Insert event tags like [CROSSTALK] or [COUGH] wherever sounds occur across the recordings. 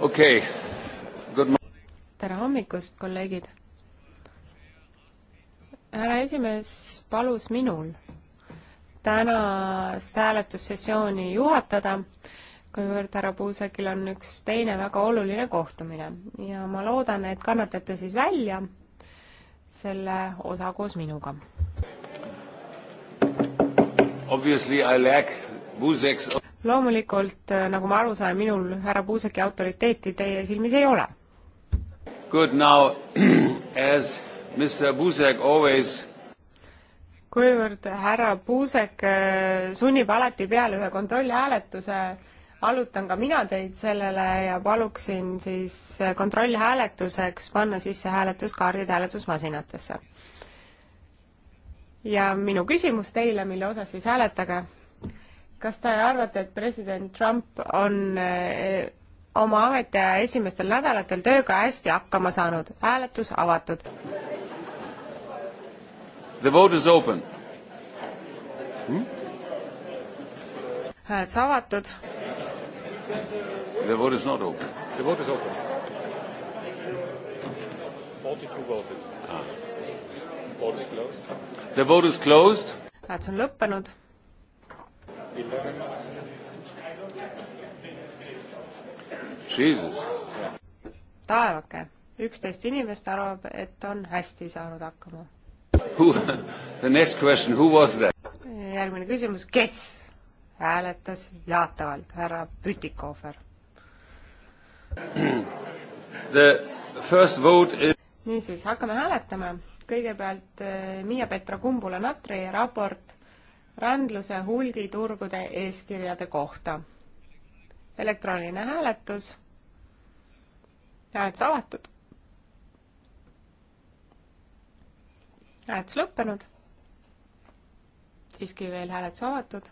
okei okay., good morning. tere hommikust, kolleegid. härra esimees palus minul tänast hääletussessiooni juhatada, kuivõrd härra Puusekil on üks teine väga oluline kohtumine ja ma loodan, et kannatate siis välja selle osa koos minuga. Obviously I lack Buzek's loomulikult, äh, nagu ma aru saan, minul härra Puuseki autoriteeti teie silmis ei ole. Good now [CLEARS THROAT] as Mr Puusek always kuivõrd härra Puusek äh, sunnib alati peale ühe kontrollhääletuse, allutan ka mina teid sellele ja paluksin siis äh, kontrollhääletuseks panna sisse hääletuskaardid hääletusmasinatesse. ja minu küsimus teile, mille osas siis hääletage kas te arvate, et president Trump on eh, oma ametiaja esimestel nädalatel tööga hästi hakkama saanud? hääletus avatud. The vote is open hmm?. hääletus avatud. The vote is not open. The vote is open. Forty two voted ah.. Vote is closed. The vote is closed. hääletus on lõppenud taevake, üksteist inimest arvab, et on hästi saanud hakkama. [LAUGHS] järgmine küsimus, kes hääletas jaatavalt, härra Pütikofer? [CLEARS THROAT] Is... niisiis, hakkame hääletama. kõigepealt eh, Miia Petra Kumbula-Natri raport rändluse hulgiturgude eeskirjade kohta. elektrooniline hääletus. hääletus avatud. hääletus lõppenud. siiski veel hääletus avatud.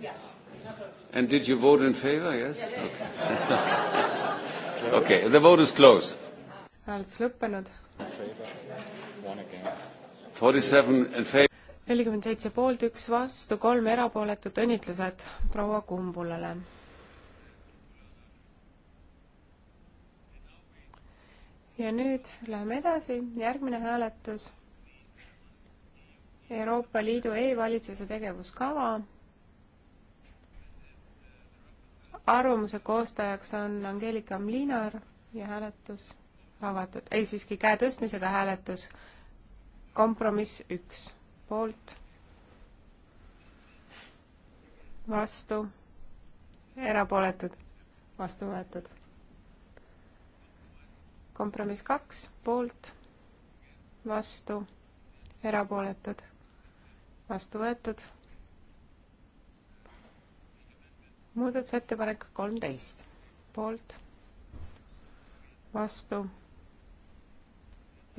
Yes. [LAUGHS] And did you vote in favor? Yes? Okay. [LAUGHS] okay, the vote is closed. hääletus lõppenud. nelikümmend seitse poolt, üks vastu, kolm erapooletut, õnnitlused proua Kumbulale. ja nüüd läheme edasi, järgmine hääletus. Euroopa Liidu e-valitsuse tegevuskava arvamuse koostajaks on Angeelika Mlinar ja hääletus avatud, ei siiski käe tõstmisega hääletus, kompromiss üks, poolt, vastu, erapooletud, vastu võetud. kompromiss kaks, poolt, vastu, erapooletud, vastu võetud muudatusettepanek kolmteist, poolt, vastu,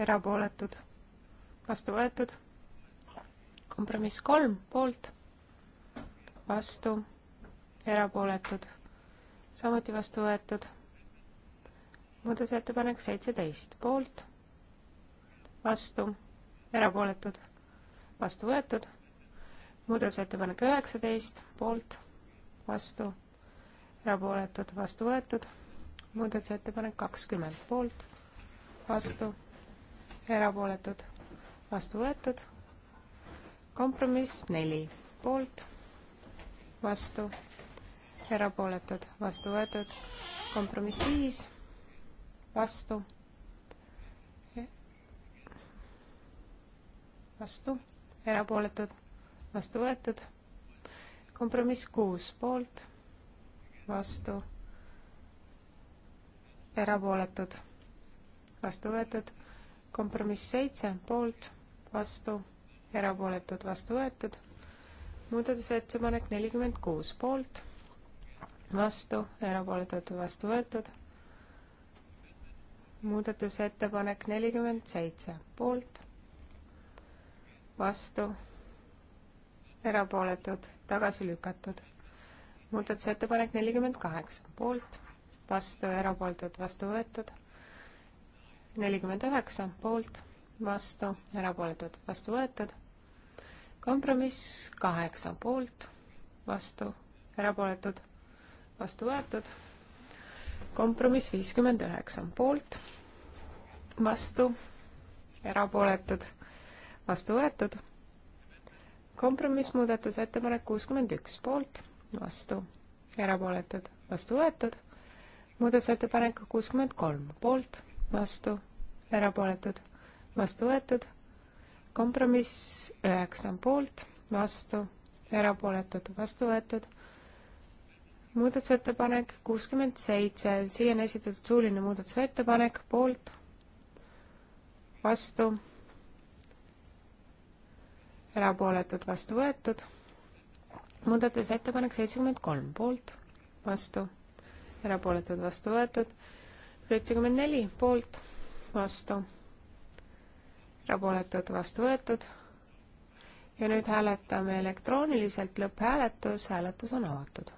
erapooletud, vastu võetud, kompromiss kolm, poolt, vastu, erapooletud, samuti vastu võetud, muudatusettepanek seitseteist, poolt, vastu, erapooletud, vastu võetud, muudatusettepanek üheksateist, poolt vastu, erapooletud, vastu võetud. muudatusettepanek kakskümmend poolt, vastu, erapooletud, vastu võetud. kompromiss neli poolt, vastu, erapooletud, vastu võetud. kompromiss viis, vastu, e, vastu, erapooletud, vastu võetud kompromiss kuus poolt, vastu, erapooletud, vastu võetud, kompromiss seitse poolt, vastu, erapooletud, vastu võetud, muudatusettepanek nelikümmend kuus poolt, vastu, erapooletud, vastu võetud, muudatusettepanek nelikümmend seitse poolt, vastu erapooletud, tagasi lükatud. muudatusettepanek nelikümmend kaheksa, poolt, vastu, erapooletud, vastu võetud. nelikümmend üheksa, poolt, vastu, erapooletud, vastu võetud. kompromiss kaheksa, poolt, vastu, erapooletud, vastu võetud. kompromiss viiskümmend üheksa, poolt, vastu, erapooletud, vastu võetud kompromissmuudatusettepanek kuuskümmend üks poolt, vastu, erapooletud, vastu võetud. muudatusettepanek kuuskümmend kolm poolt, vastu, erapooletud, vastu võetud. kompromiss üheksa poolt, vastu, erapooletud, vastu võetud muudatusettepanek kuuskümmend seitse, siia on esitatud suuline muudatusettepanek, poolt, vastu erapooletud, vastu võetud. muudatusettepanek seitsekümmend kolm poolt, vastu, erapooletud, vastu võetud. seitsekümmend neli poolt, vastu, erapooletud, vastu võetud. ja nüüd hääletame elektrooniliselt, lõpphääletus, hääletus on avatud.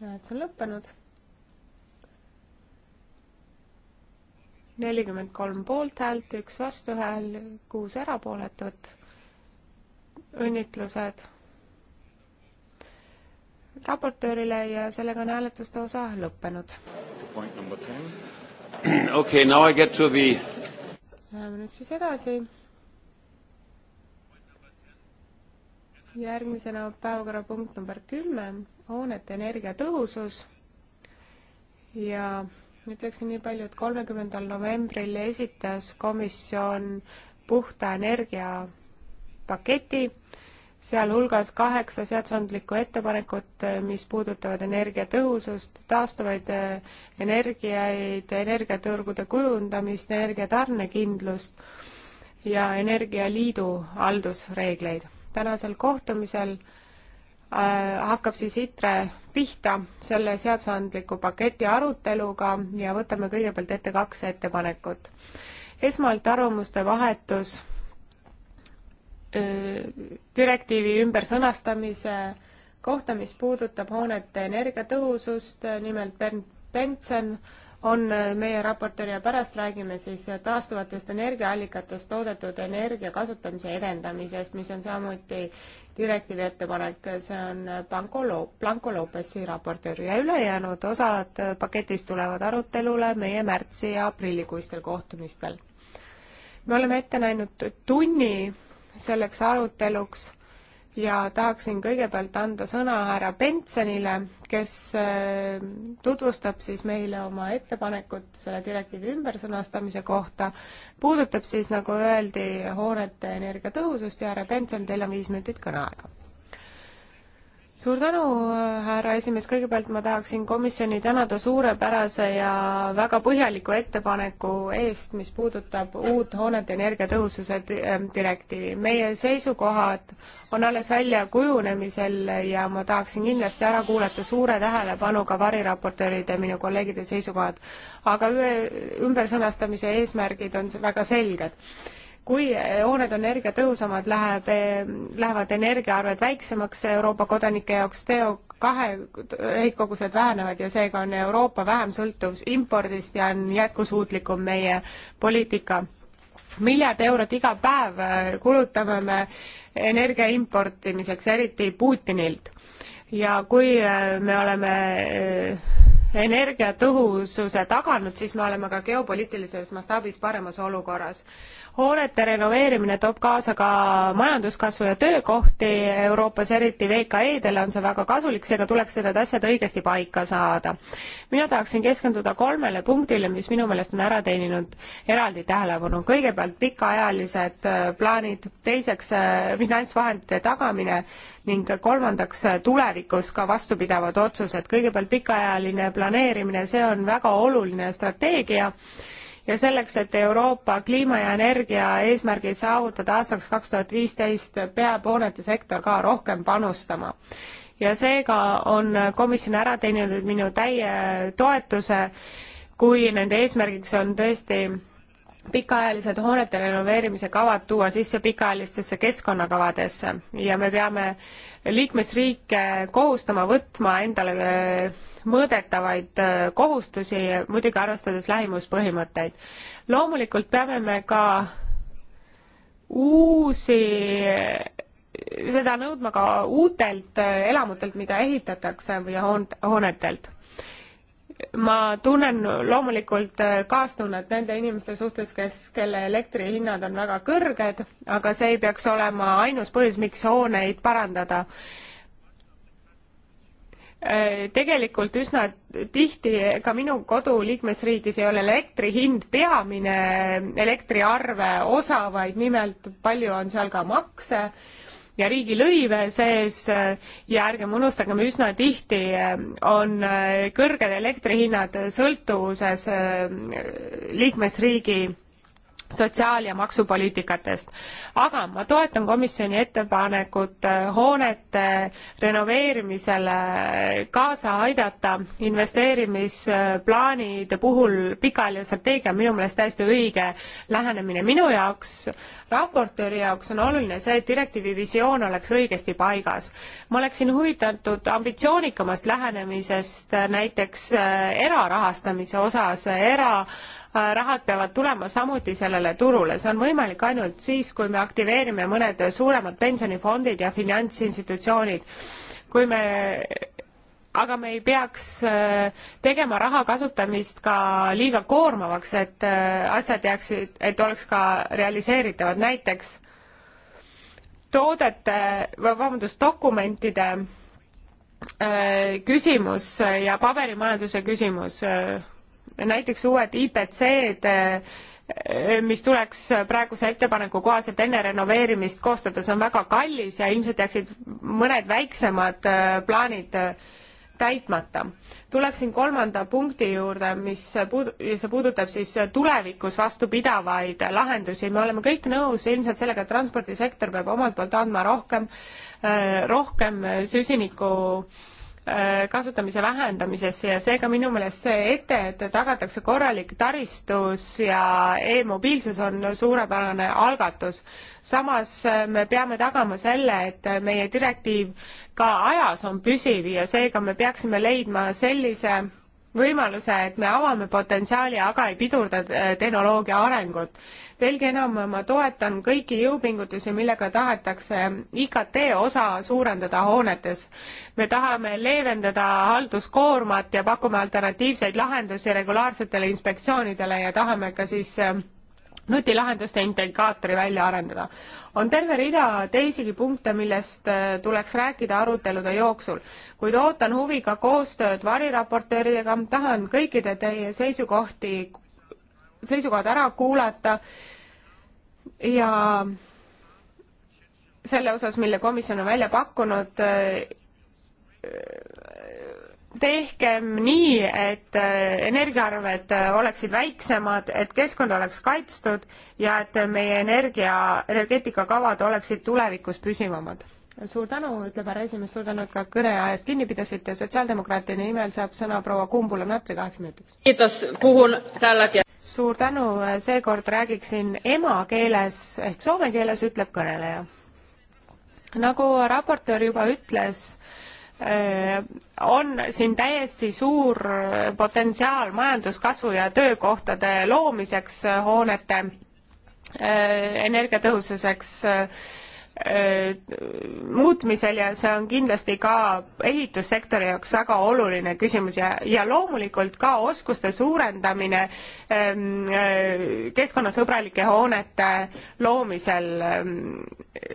hääletus on lõppenud nelikümmend kolm poolthäält, üks vastuhääl, kuus erapooletut. õnnitlused raportöörile ja sellega on hääletuste osa lõppenud. [CLEARS THROAT] okei, now I get to the Läheme nüüd siis edasi. järgmisena päevakorrapunkt number kümme, hoonete energiatõhusus ja ütleksin nii palju, et kolmekümnendal novembril esitas komisjon puhta energia paketi, sealhulgas kaheksa seadusandlikku ettepanekut, mis puudutavad energiatõhusust, taastuvaid äh, energiaid, energiaturgude kujundamist, energiatarnekindlust ja Energialiidu haldusreegleid. tänasel kohtumisel äh, Äh, hakkab siis ITRE pihta selle seadusandliku paketi aruteluga ja võtame kõigepealt ette kaks ettepanekut. esmalt arvamuste vahetus äh, direktiivi ümbersõnastamise kohta, mis puudutab hoonete energiatõhusust, nimelt Bernd Benson on äh, meie raportöör ja pärast räägime siis taastuvatest energiaallikatest toodetud energia kasutamise edendamisest, mis on samuti direktiivi ettepanek, see on Blanco Lo-, Blanco Lopesi raportöör ja ülejäänud osad paketist tulevad arutelule meie märtsi ja aprillikuistel kohtumistel. me oleme ette näinud tunni selleks aruteluks ja tahaksin kõigepealt anda sõna härra Bensonile, kes äh, tutvustab siis meile oma ettepanekut selle direktiivi ümbersõnastamise kohta. puudutab siis, nagu öeldi, hoonete energiatõhusust ja härra Benson, teil on viis minutit kõneaega suur tänu, äh, härra esimees, kõigepealt ma tahaksin komisjoni tänada suurepärase ja väga põhjaliku ettepaneku eest, mis puudutab uut hoonete energiatõhususe äh, direktiivi. meie seisukohad on alles välja kujunemisel ja ma tahaksin kindlasti ära kuulata suure tähelepanuga variraportööride, minu kolleegide seisukohad. aga ümbersõnastamise eesmärgid on väga selged kui hooned on energiatõhusamad, läheb, lähevad energiaarved väiksemaks Euroopa kodanike jaoks, CO2 heitkogused vähenevad ja seega on Euroopa vähem sõltuv impordist ja on jätkusuutlikum meie poliitika miljard eurot iga päev äh, kulutame me energia importimiseks, eriti Putinilt. ja kui äh, me oleme äh, energiatõhususe taganud, siis me oleme ka geopoliitilises mastaabis paremas olukorras hoonete renoveerimine toob kaasa ka majanduskasvu ja töökohti Euroopas, eriti VKE-dele on see väga kasulik, seega tuleks need asjad õigesti paika saada. mina tahaksin keskenduda kolmele punktile, mis minu meelest on ära teeninud eraldi tähelepanu. kõigepealt pikaajalised äh, plaanid, teiseks äh, finantsvahendite tagamine ning kolmandaks äh, tulevikus ka vastupidavad otsused. kõigepealt pikaajaline planeerimine, see on väga oluline strateegia ja selleks, et Euroopa kliima ja energia eesmärgid saavutada aastaks kaks tuhat viisteist, peab hoonete sektor ka rohkem panustama. ja seega on komisjon ära teeninud minu täie toetuse, kui nende eesmärgiks on tõesti pikaajalised hoonete renoveerimise kavad tuua sisse pikaajalistesse keskkonnakavadesse ja me peame liikmesriike kohustama võtma endale mõõdetavaid äh, kohustusi, muidugi arvestades lähimuspõhimõtteid. loomulikult peame me ka uusi, seda nõudma ka uutelt äh, elamutelt, mida ehitatakse või hoonetelt. ma tunnen loomulikult äh, kaastunnet nende inimeste suhtes, kes, kelle elektrihinnad on väga kõrged, aga see ei peaks olema ainus põhjus, miks hooneid parandada Äh, tegelikult üsna tihti ka minu kodu liikmesriigis ei ole elektri hind peamine elektriarve osa, vaid nimelt palju on seal ka makse ja riigilõive sees ja ärgem unustagem, üsna tihti äh, on äh, kõrged elektrihinnad sõltuvuses liikmesriigi sotsiaal- ja maksupoliitikatest. aga ma toetan komisjoni ettepanekut äh, hoonete renoveerimisele kaasa aidata investeerimisplaanide puhul pikaajaline strateegia on minu meelest täiesti õige lähenemine. minu jaoks, raportööri jaoks on oluline see, et direktiivi visioon oleks õigesti paigas. ma oleksin huvitatud ambitsioonikamast lähenemisest äh, näiteks äh, erarahastamise osas, era Äh, rahad peavad tulema samuti sellele turule, see on võimalik ainult siis, kui me aktiveerime mõned suuremad pensionifondid ja finantsinstitutsioonid. kui me aga me ei peaks äh, tegema raha kasutamist ka liiga koormavaks, et äh, asjad jääksid, et oleks ka realiseeritavad, näiteks toodete, vabandust, dokumentide küsimus ja paberimajanduse küsimus näiteks uued IPC-d, eh, mis tuleks praeguse ettepaneku kohaselt enne renoveerimist koostada, see on väga kallis ja ilmselt jääksid mõned väiksemad eh, plaanid eh, täitmata. tuleksin kolmanda punkti juurde, mis puud-, see puudutab siis tulevikus vastupidavaid lahendusi, me oleme kõik nõus ilmselt sellega, et transpordisektor peab omalt poolt andma rohkem, rohkem süsiniku äh, Äh, kasutamise vähendamisesse ja seega minu meelest see ette, et tagatakse korralik taristus ja e-mobiilsus on suurepärane algatus. samas äh, me peame tagama selle, et meie direktiiv ka ajas on püsiv ja seega me peaksime leidma sellise võimaluse, et me avame potentsiaali, aga ei pidurda äh, tehnoloogia arengut. veelgi enam, ma toetan kõiki jõupingutusi, millega tahetakse IKT osa suurendada hoonetes. me tahame leevendada halduskoormat ja pakume alternatiivseid lahendusi regulaarsetele inspektsioonidele ja tahame ka siis äh, nutilahenduste integraatori välja arendada. on terve rida teisigi punkte, millest äh, tuleks rääkida arutelude jooksul, kuid ootan huviga koostööd variraportööridega, tahan kõikide teie seisukohti, seisukohad ära kuulata ja selle osas, mille komisjon on välja pakkunud, äh, tehkem nii, et äh, energiaarved äh, oleksid väiksemad, et keskkond oleks kaitstud ja et meie energia, energeetikakavad oleksid tulevikus püsivamad. suur tänu, ütleb härra esimees, suur tänu, et ka kõneajast kinni pidasite. sotsiaaldemokraatide nimel saab sõna proua Kumbula-Natri kaheks minutiks. suur tänu, äh, seekord räägiksin emakeeles ehk soome keeles, ütleb kõneleja. nagu raportöör juba ütles, Äh, on siin täiesti suur potentsiaal majanduskasvu ja töökohtade loomiseks äh, hoonete äh, energiatõhususeks Äh, muutmisel ja see on kindlasti ka ehitussektori jaoks väga oluline küsimus ja, ja loomulikult ka oskuste suurendamine ähm, äh, keskkonnasõbralike hoonete loomisel. Ähm,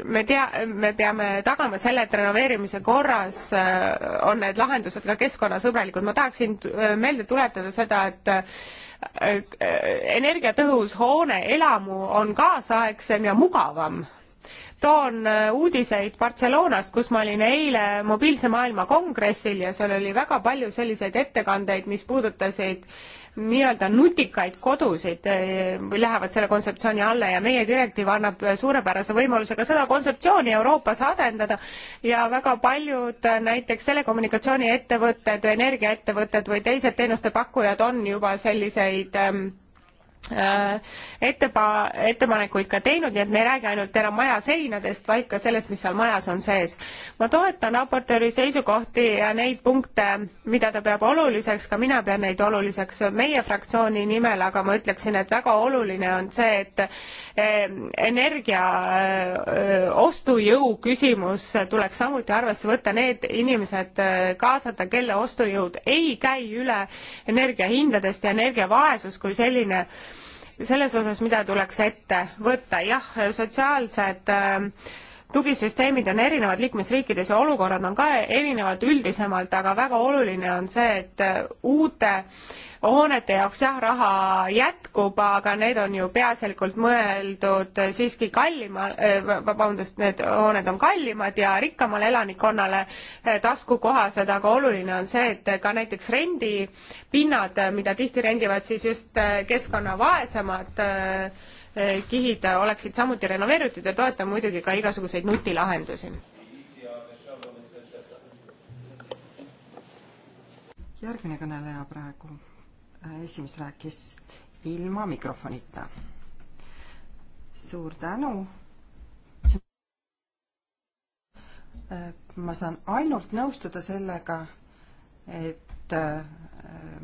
me tea, me peame tagama selle, et renoveerimise korras äh, on need lahendused ka keskkonnasõbralikud. ma tahaksin meelde tuletada seda, et energiatõhus hoone, elamu on kaasaegsem ja mugavam toon äh, uudiseid Barcelonast, kus ma olin eile mobiilse maailma kongressil ja seal oli väga palju selliseid ettekandeid, mis puudutasid nii-öelda nutikaid kodusid äh, lähevad selle kontseptsiooni alla ja meie direktiiv annab suurepärase võimaluse ka seda kontseptsiooni Euroopas adendada ja väga paljud äh, näiteks telekommunikatsiooniettevõtted või energiaettevõtted või teised teenuste pakkujad on juba selliseid ähm, Äh, ettepa-, ettepanekuid ka teinud, nii et me ei räägi ainult enam maja seinadest, vaid ka sellest, mis seal majas on sees. ma toetan raportööri seisukohti ja neid punkte, mida ta peab oluliseks, ka mina pean neid oluliseks meie fraktsiooni nimel, aga ma ütleksin, et väga oluline on see, et eh, energia eh, ostujõu küsimus tuleks samuti arvesse võtta, need inimesed eh, kaasata, kelle ostujõud ei käi üle energiahindadest ja energiavaesus kui selline selles osas, mida tuleks ette võtta. jah, sotsiaalsed äh, tugisüsteemid on erinevad liikmesriikides ja olukorrad on ka erinevad üldisemalt, aga väga oluline on see, et äh, uute hoonete jaoks jah, raha jätkub, aga need on ju peaasjalikult mõeldud siiski kallima, äh, vabandust, need hooned on kallimad ja rikkamale elanikkonnale äh, taskukohased, aga oluline on see, et ka näiteks rendipinnad, mida tihti rendivad siis just keskkonnavaesemad Eh, kihid oleksid samuti renoveeritud ja toetan muidugi ka igasuguseid nutilahendusi. järgmine kõneleja praegu, esimees rääkis ilma mikrofonita. suur tänu. Eh, ma saan ainult nõustuda sellega, et eh,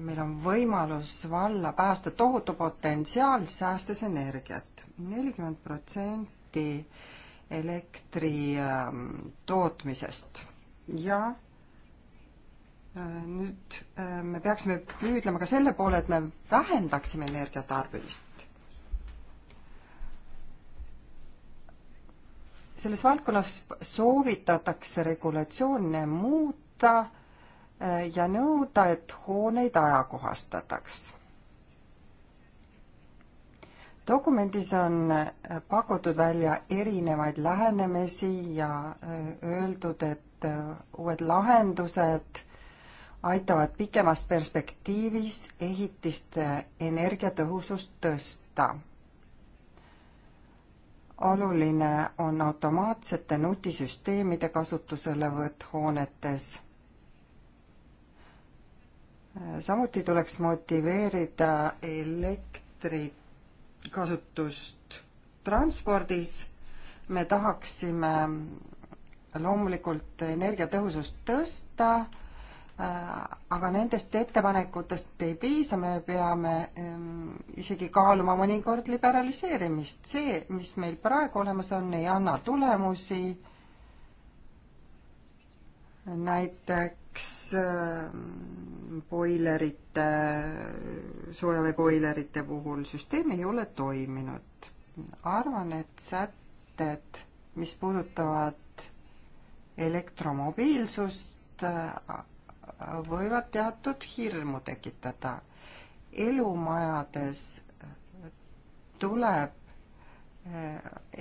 meil on võimalus valla päästa tohutu potentsiaal, säästes energiat. nelikümmend protsenti elektri ähm, tootmisest ja äh, nüüd äh, me peaksime püüdlema ka selle poole, et me vähendaksime energiatarbimist. selles valdkonnas soovitatakse regulatsioone muuta Äh, ja nõuda, et hooneid ajakohastataks. dokumendis on äh, pakutud välja erinevaid lähenemisi ja äh, öeldud, et uued lahendused aitavad pikemas perspektiivis ehitiste energiatõhusust tõsta oluline on automaatsete nutisüsteemide kasutuselevõtt hoonetes samuti tuleks motiveerida elektri kasutust transpordis. me tahaksime loomulikult energiatõhusust tõsta, aga nendest ettepanekutest ei piisa, me peame ehm, isegi kaaluma mõnikord liberaliseerimist. see, mis meil praegu olemas on, ei anna tulemusi. näiteks kaks ähm, boilerite, soojaveeboilerite puhul süsteem ei ole toiminud. arvan, et sätted, mis puudutavad elektromobiilsust, äh, võivad teatud hirmu tekitada. elumajades tuleb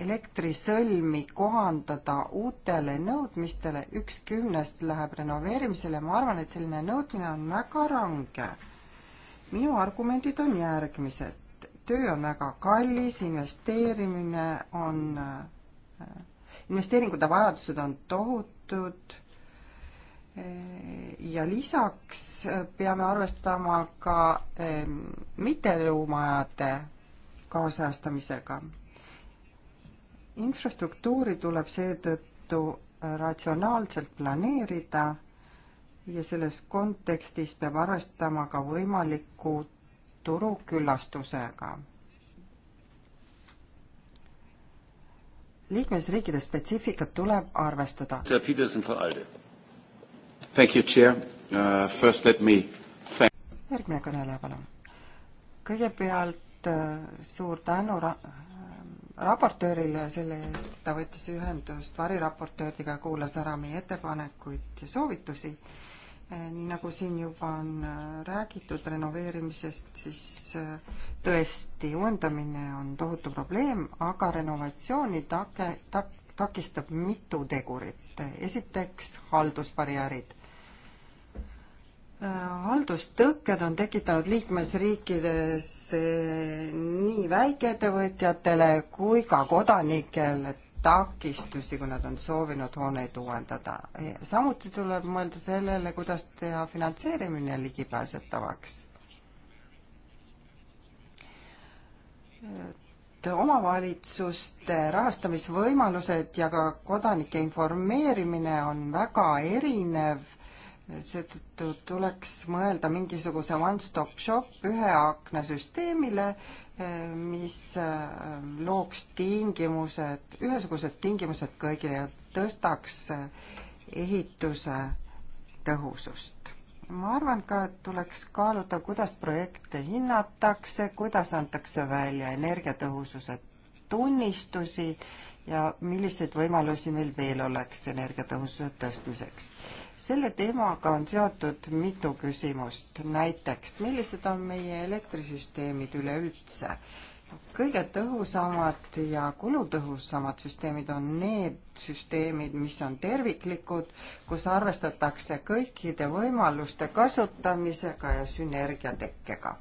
elektrisõlmi kohandada uutele nõudmistele, üks kümnest läheb renoveerimisele, ma arvan, et selline nõudmine on väga range. minu argumendid on järgmised. töö on väga kallis, investeerimine on, investeeringute vajadused on tohutud ja lisaks peame arvestama ka mittelumajade kaasajastamisega infrastruktuuri tuleb seetõttu äh, ratsionaalselt planeerida ja selles kontekstis peab arvestama ka võimaliku turuküllastusega. liikmesriikide spetsiifikat tuleb arvestada. Uh, järgmine kõneleja, palun. kõigepealt äh, suur tänu ra-, raportöörile selle eest, ta võttis ühendust variraportööriga, kuulas ära meie ettepanekuid ja soovitusi. Äh, nii nagu siin juba on äh, räägitud renoveerimisest, siis äh, tõesti, uuendamine on tohutu probleem, aga renovatsiooni take, tak-, takistab mitu tegurit. esiteks haldusbarjäärid Äh, haldustõkked on tekitanud liikmesriikides äh, nii väikeettevõtjatele kui ka kodanikele takistusi, kui nad on soovinud hooneid uuendada. Äh, samuti tuleb mõelda sellele, kuidas teha finantseerimine ligipääsetavaks. et omavalitsuste rahastamisvõimalused ja ka kodanike informeerimine on väga erinev seetõttu tuleks mõelda mingisuguse one-stop shop ühe akna süsteemile, eh, mis eh, looks tingimused, ühesugused tingimused kõigile ja tõstaks eh, ehituse tõhusust. ma arvan ka, et tuleks kaaluda, kuidas projekte hinnatakse, kuidas antakse välja energiatõhususe tunnistusi ja milliseid võimalusi meil veel oleks energiatõhususe tõstmiseks selle teemaga on seotud mitu küsimust, näiteks millised on meie elektrisüsteemid üleüldse? kõige tõhusamad ja kulutõhusamad süsteemid on need süsteemid, mis on terviklikud, kus arvestatakse kõikide võimaluste kasutamisega ja sünergia tekkega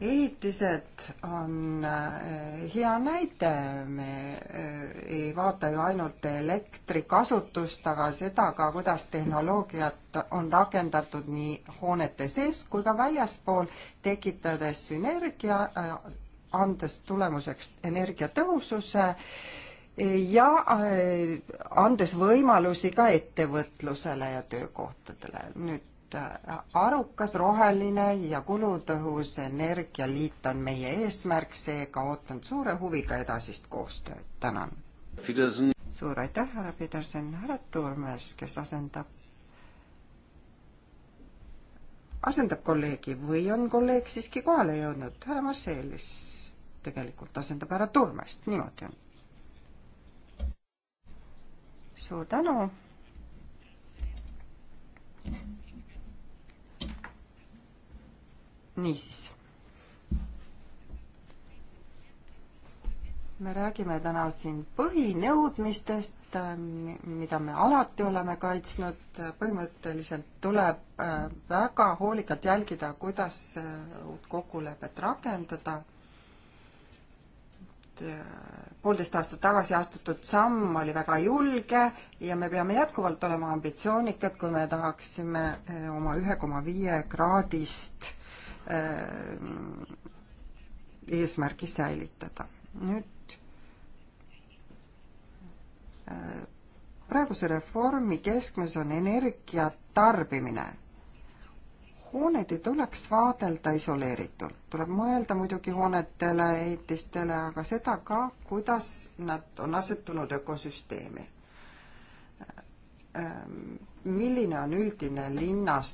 ehitised on äh, hea näide, me äh, ei vaata ju ainult elektrikasutust, aga seda ka, kuidas tehnoloogiat on rakendatud nii hoonete sees kui ka väljaspool, tekitades sünergia, äh, andes tulemuseks energiatõhususe ja andes võimalusi ka ettevõtlusele ja töökohtadele. nüüd Äh, arukas, roheline ja kulutõhus energialiit on meie eesmärk, seega ootan suure huviga edasist koostööd, tänan. suur aitäh, härra Peterson, härra Turmes, kes asendab, asendab kolleegi või on kolleeg siiski kohale jõudnud, härra Marcelis tegelikult asendab härra Turmest, niimoodi on. suur tänu. niisiis. me räägime täna siin põhinõudmistest, mida me alati oleme kaitsnud, põhimõtteliselt tuleb äh, väga hoolikalt jälgida, kuidas äh, uut kokkulepet rakendada äh, poolteist aastat tagasi astutud samm oli väga julge ja me peame jätkuvalt olema ambitsioonikad, kui me tahaksime oma ühe koma viie kraadist Äh, eesmärgi säilitada. nüüd äh, praeguse reformi keskmes on energia tarbimine. hooneid ei tuleks vaadelda isoleeritult, tuleb mõelda muidugi hoonetele, ehitistele, aga seda ka, kuidas nad on asetunud ökosüsteemi äh, ähm, milline on üldine linna äh,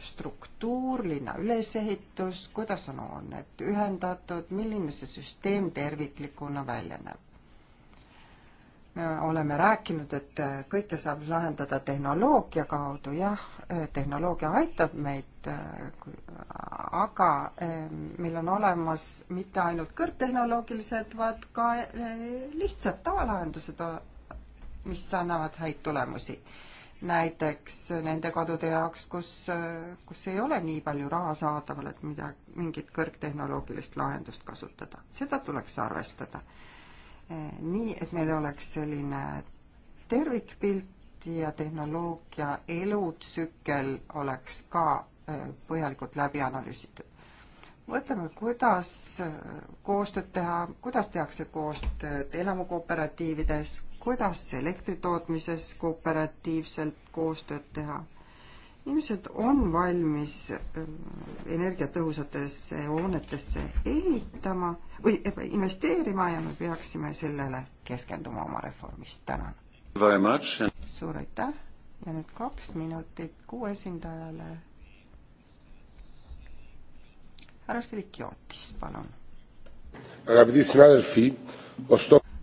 struktuur, linna ülesehitus, kuidas on hooned ühendatud, milline see süsteem terviklikuna välja näeb? me oleme rääkinud, et äh, kõike saab lahendada tehnoloogia kaudu, jah, äh, tehnoloogia aitab meid, aga meil on olemas mitte ainult kõrgtehnoloogilised, vaid ka lihtsad tavalahendused, mis annavad häid tulemusi näiteks nende kadude jaoks, kus, kus ei ole nii palju raha saadaval, et mida, mingit kõrgtehnoloogilist lahendust kasutada. seda tuleks arvestada. nii, et meil oleks selline tervikpilt ja tehnoloogia elutsükkel oleks ka eh, põhjalikult läbi analüüsitud mõtleme, kuidas eh, koostööd teha, kuidas tehakse koostööd elamukooperatiivides, kuidas elektritootmises kooperatiivselt koostööd teha. inimesed on valmis äh, energiatõhusatesse hoonetesse ehitama või investeerima ja me peaksime sellele keskenduma oma reformis. tänan. suur aitäh ja nüüd kaks minutit kuu esindajale. härra Sirikiotis, palun.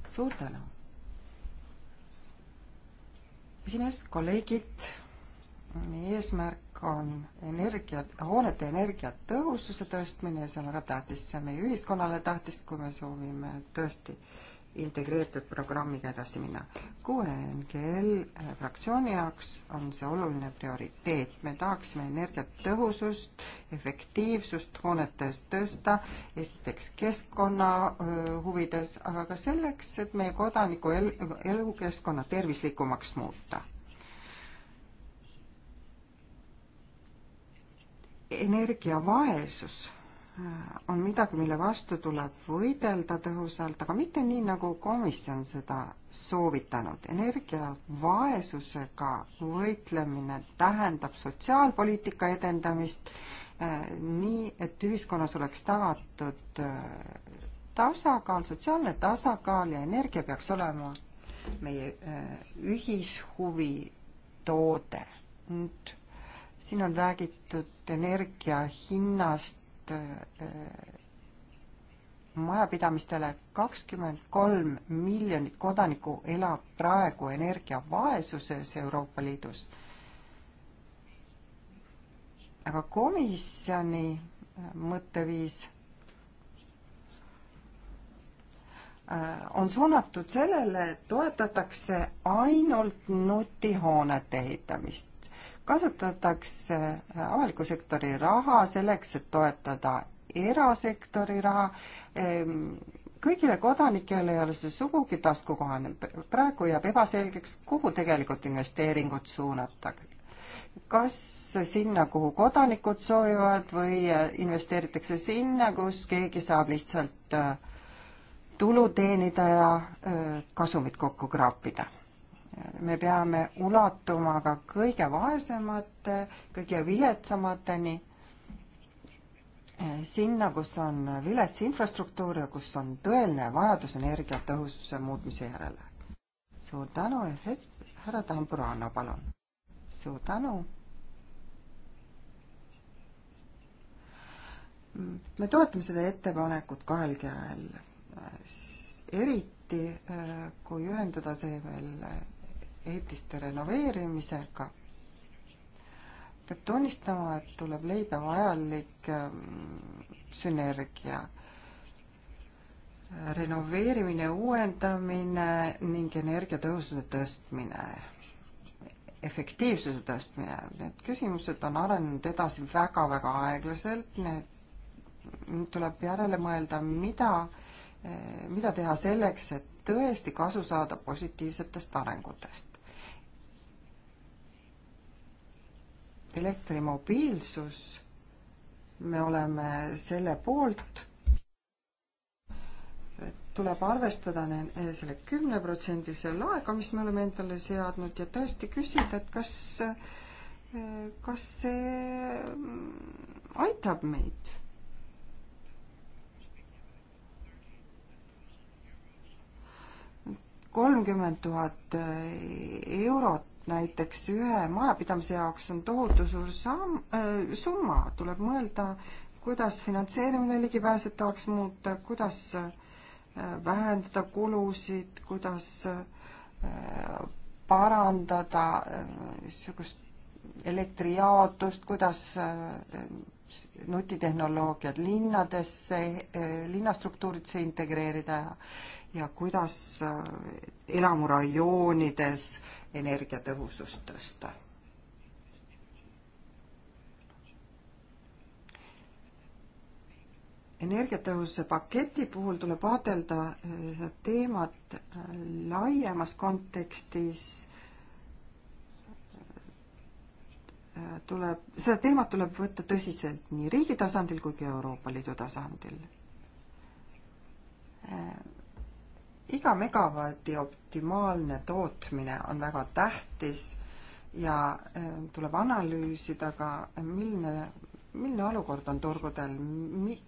suur tänu esimees, kolleegid, meie eesmärk on energia, hoonete energiatõhususe tõstmine ja see on väga tähtis, see on meie ühiskonnale tähtis, kui me soovime tõesti äh, integreeritud programmiga edasi minna. QNGL äh, fraktsiooni jaoks on see oluline prioriteet, me tahaksime energiatõhusust, efektiivsust hoonetes tõsta, esiteks keskkonna äh, huvides, aga ka selleks, et meie kodaniku el-, elukeskkonna tervislikumaks muuta. energiavaesus Äh, on midagi, mille vastu tuleb võidelda tõhusalt, aga mitte nii, nagu komisjon seda soovitanud. energiavaesusega võitlemine tähendab sotsiaalpoliitika edendamist eh, nii, et ühiskonnas oleks tagatud eh, tasakaal, sotsiaalne tasakaal ja energia peaks olema meie eh, ühishuvi toode. nüüd siin on räägitud energia hinnast Äh, majapidamistele kakskümmend kolm miljonit kodanikku elab praegu energiavaesuses Euroopa Liidus. aga komisjoni äh, mõtteviis äh, on suunatud sellele, et toetatakse ainult nutihoonet ehitamist kasutatakse äh, avaliku sektori raha selleks, et toetada erasektori raha. Ehm, kõigile kodanikele ei ole see sugugi taskukohane. praegu jääb ebaselgeks, kuhu tegelikult investeeringud suunatakse kas sinna, kuhu kodanikud soovivad või äh, investeeritakse sinna, kus keegi saab lihtsalt äh, tulu teenida ja kasumit kokku kraapida me peame ulatuma ka kõige vaesemate, kõige viletsamateni, eh, sinna, kus on vilets infrastruktuur ja kus on tõeline vajadus energiatõhususe muutmise järele. suur tänu ja härra Tamburano, palun. suur tänu me toetame seda ettepanekut kahel käel, eriti eh, kui ühendada see veel eh, ehitiste renoveerimisega. peab tunnistama, et tuleb leida vajalik ähm, sünergia. renoveerimine, uuendamine ning energiatõhususe tõstmine, efektiivsuse tõstmine, need küsimused on arenenud edasi väga-väga aeglaselt, need tuleb järele mõelda, mida, eh, mida teha selleks, et tõesti kasu saada positiivsetest arengutest. elektrimobiilsus, me oleme selle poolt, tuleb arvestada selle kümneprotsendise laega, mis me oleme endale seadnud ja tõesti küsida, et kas, kas see aitab meid kolmkümmend tuhat eurot näiteks ühe majapidamise jaoks on tohutu suur samm äh,, summa, tuleb mõelda, kuidas finantseerimine ligipääsetavaks muuta, kuidas äh, vähendada kulusid, kuidas äh, parandada äh, niisugust elektrijaotust, kuidas äh, nutitehnoloogiad linnadesse, äh, linnastruktuuridesse integreerida ja ja kuidas elamurajoonides energiatõhusust tõsta. energiatõhususe paketi puhul tuleb vaadelda seda äh, teemat äh, laiemas kontekstis äh, tuleb, seda teemat tuleb võtta tõsiselt nii riigi tasandil kui ka Euroopa Liidu tasandil iga megavati optimaalne tootmine on väga tähtis ja äh, tuleb analüüsida ka, milline, milline olukord on turgudel, mi-,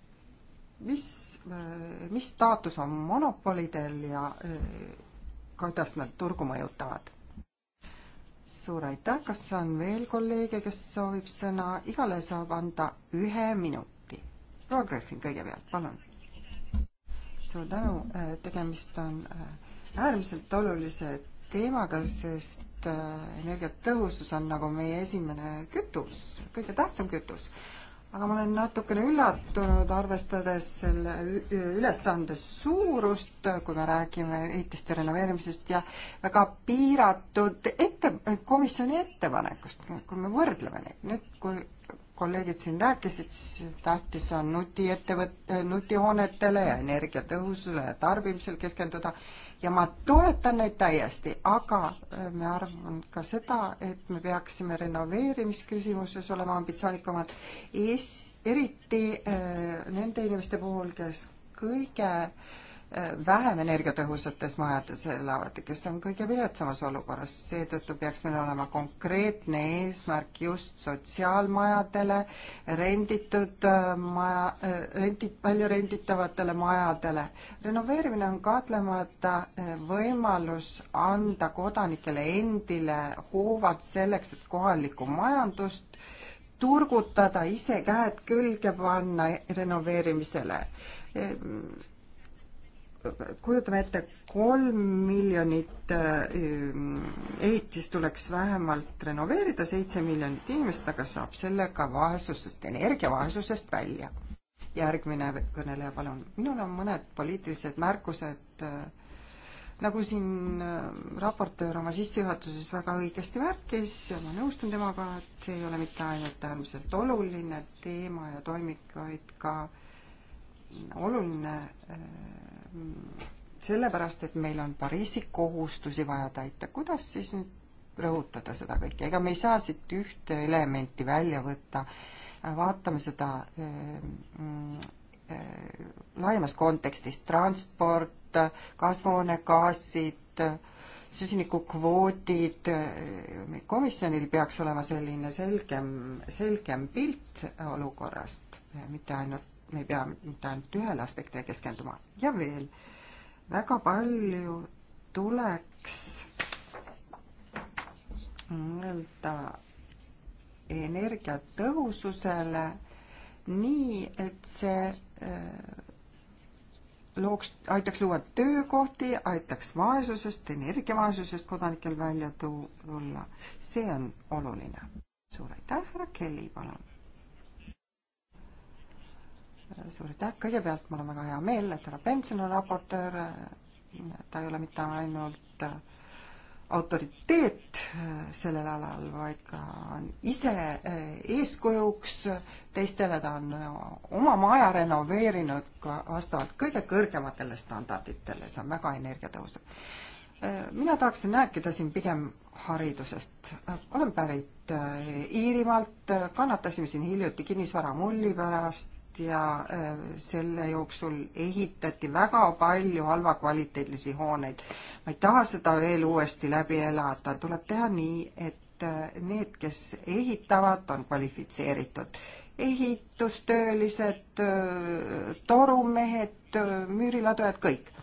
mis, äh, mis staatus on monopolidel ja äh, kuidas nad turgu mõjutavad. suur aitäh, kas on veel kolleege, kes soovib sõna, igale saab anda ühe minuti. proua Greffin kõigepealt, palun suur tänu, äh, tegemist on äh, äärmiselt olulise teemaga, sest äh, energiatõhusus on nagu meie esimene kütus, kõige tähtsam kütus. aga ma olen natukene üllatunud, arvestades selle ülesande suurust, kui me räägime ehitiste renoveerimisest ja väga piiratud ette, komisjoni ettepanekust, kui me võrdleme neid. nüüd, kui kolleegid siin rääkisid, tähtis on nutiettevõt-, nutihoonetele ja energiatõhususele ja tarbimisel keskenduda ja ma toetan neid täiesti, aga äh, ma arvan ka seda, et me peaksime renoveerimisküsimuses olema ambitsioonikamad, es-, eriti äh, nende inimeste puhul, kes kõige äh, vähem energiatõhusates majades elavad ja kes on kõige viletsamas olukorras, seetõttu peaks meil olema konkreetne eesmärk just sotsiaalmajadele, renditud äh, maja, äh, rendi, palju renditavatele majadele. renoveerimine on kahtlemata äh, võimalus anda kodanikele endile hoovad selleks, et kohalikku majandust turgutada, ise käed külge panna renoveerimisele ehm, kujutame ette, kolm miljonit äh, ehitist tuleks vähemalt renoveerida, seitse miljonit inimest aga saab sellega vaesusest, energiavaesusest välja. järgmine kõneleja, palun. minul on mõned poliitilised märkused, äh, nagu siin äh, raportöör oma sissejuhatuses väga õigesti märkis ja ma nõustun temaga, et see ei ole mitte ainult äärmiselt oluline teema ja toimik, vaid ka oluline äh, sellepärast, et meil on Pariisi kohustusi vaja täita, kuidas siis nüüd rõhutada seda kõike, ega me ei saa siit ühte elementi välja võtta, vaatame seda eh, mm, eh, laiemas kontekstis, transport, kasvuhoonegaasid, süsinikukvoodid, eh, komisjonil peaks olema selline selgem, selgem pilt olukorrast, mitte ainult me ei pea mitte ainult ühele aspektile keskenduma. ja veel, väga palju tuleks mõelda energiatõhususele nii, et see äh, looks, aitaks luua töökohti, aitaks vaesusest, energiavaesusest kodanikel välja tulla. see on oluline. suur aitäh, härra Kelly, palun suur aitäh, kõigepealt mul on väga hea meel, et härra Benson on raportöör, ta ei ole mitte ainult äh, autoriteet äh, sellel alal, vaid ka on ise äh, eeskujuks teistele, ta on oma maja renoveerinud ka vastavalt kõige kõrgematele standarditele, see on väga energiatõhusav. mina tahaksin rääkida siin pigem haridusest. olen pärit Iirimaalt, kannatasime siin hiljuti kinnisvaramulli pärast, ja äh, selle jooksul ehitati väga palju halvakvaliteedilisi hooneid. ma ei taha seda veel uuesti läbi elada, tuleb teha nii, et äh, need, kes ehitavad, on kvalifitseeritud. ehitustöölised, äh, torumehed, müüriladujad, kõik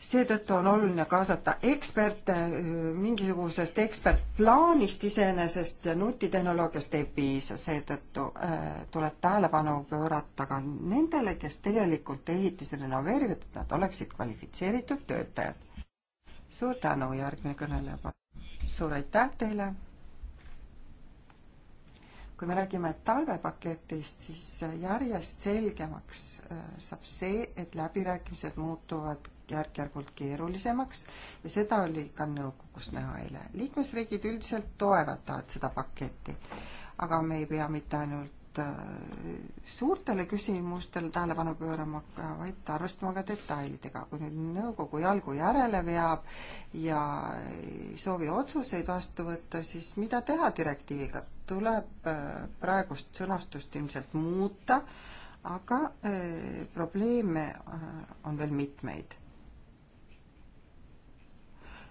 seetõttu on oluline kaasata eksperte, äh, mingisugusest ekspertplaanist iseenesest ja nutitehnoloogiast ei piisa, seetõttu äh, tuleb tähelepanu pöörata ka nendele, kes tegelikult ehitisi renoveerivad, et nad oleksid kvalifitseeritud töötajad. suur tänu, järgmine kõneleja. suur aitäh teile. kui me räägime talvepaketist, siis järjest selgemaks äh, saab see, et läbirääkimised muutuvad järk-järgult keerulisemaks ja seda oli ka nõukogus näha eile. liikmesriigid üldiselt toevatavad seda paketti, aga me ei pea mitte ainult äh, suurtele küsimustele tähelepanu pöörama, vaid arvestama ka detailidega. kui nüüd nõukogu jalgu järele veab ja ei soovi otsuseid vastu võtta, siis mida teha direktiiviga? tuleb äh, praegust sõnastust ilmselt muuta aga äh, probleeme äh, on veel mitmeid.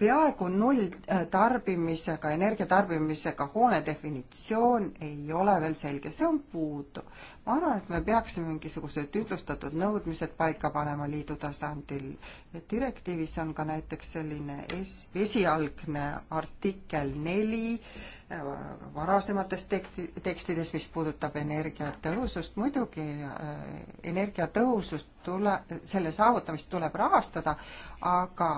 peaaegu null tarbimisega, energiatarbimisega hoone definitsioon ei ole veel selge, see on puudu. ma arvan, et me peaksime mingisugused ühtlustatud nõudmised paika panema liidu tasandil. direktiivis on ka näiteks selline es-, esialgne artikkel neli äh, varasemates tekti-, tekstides, mis puudutab energiatõhusust, muidugi äh, energiatõhusust tule, selle saavutamist tuleb rahastada, aga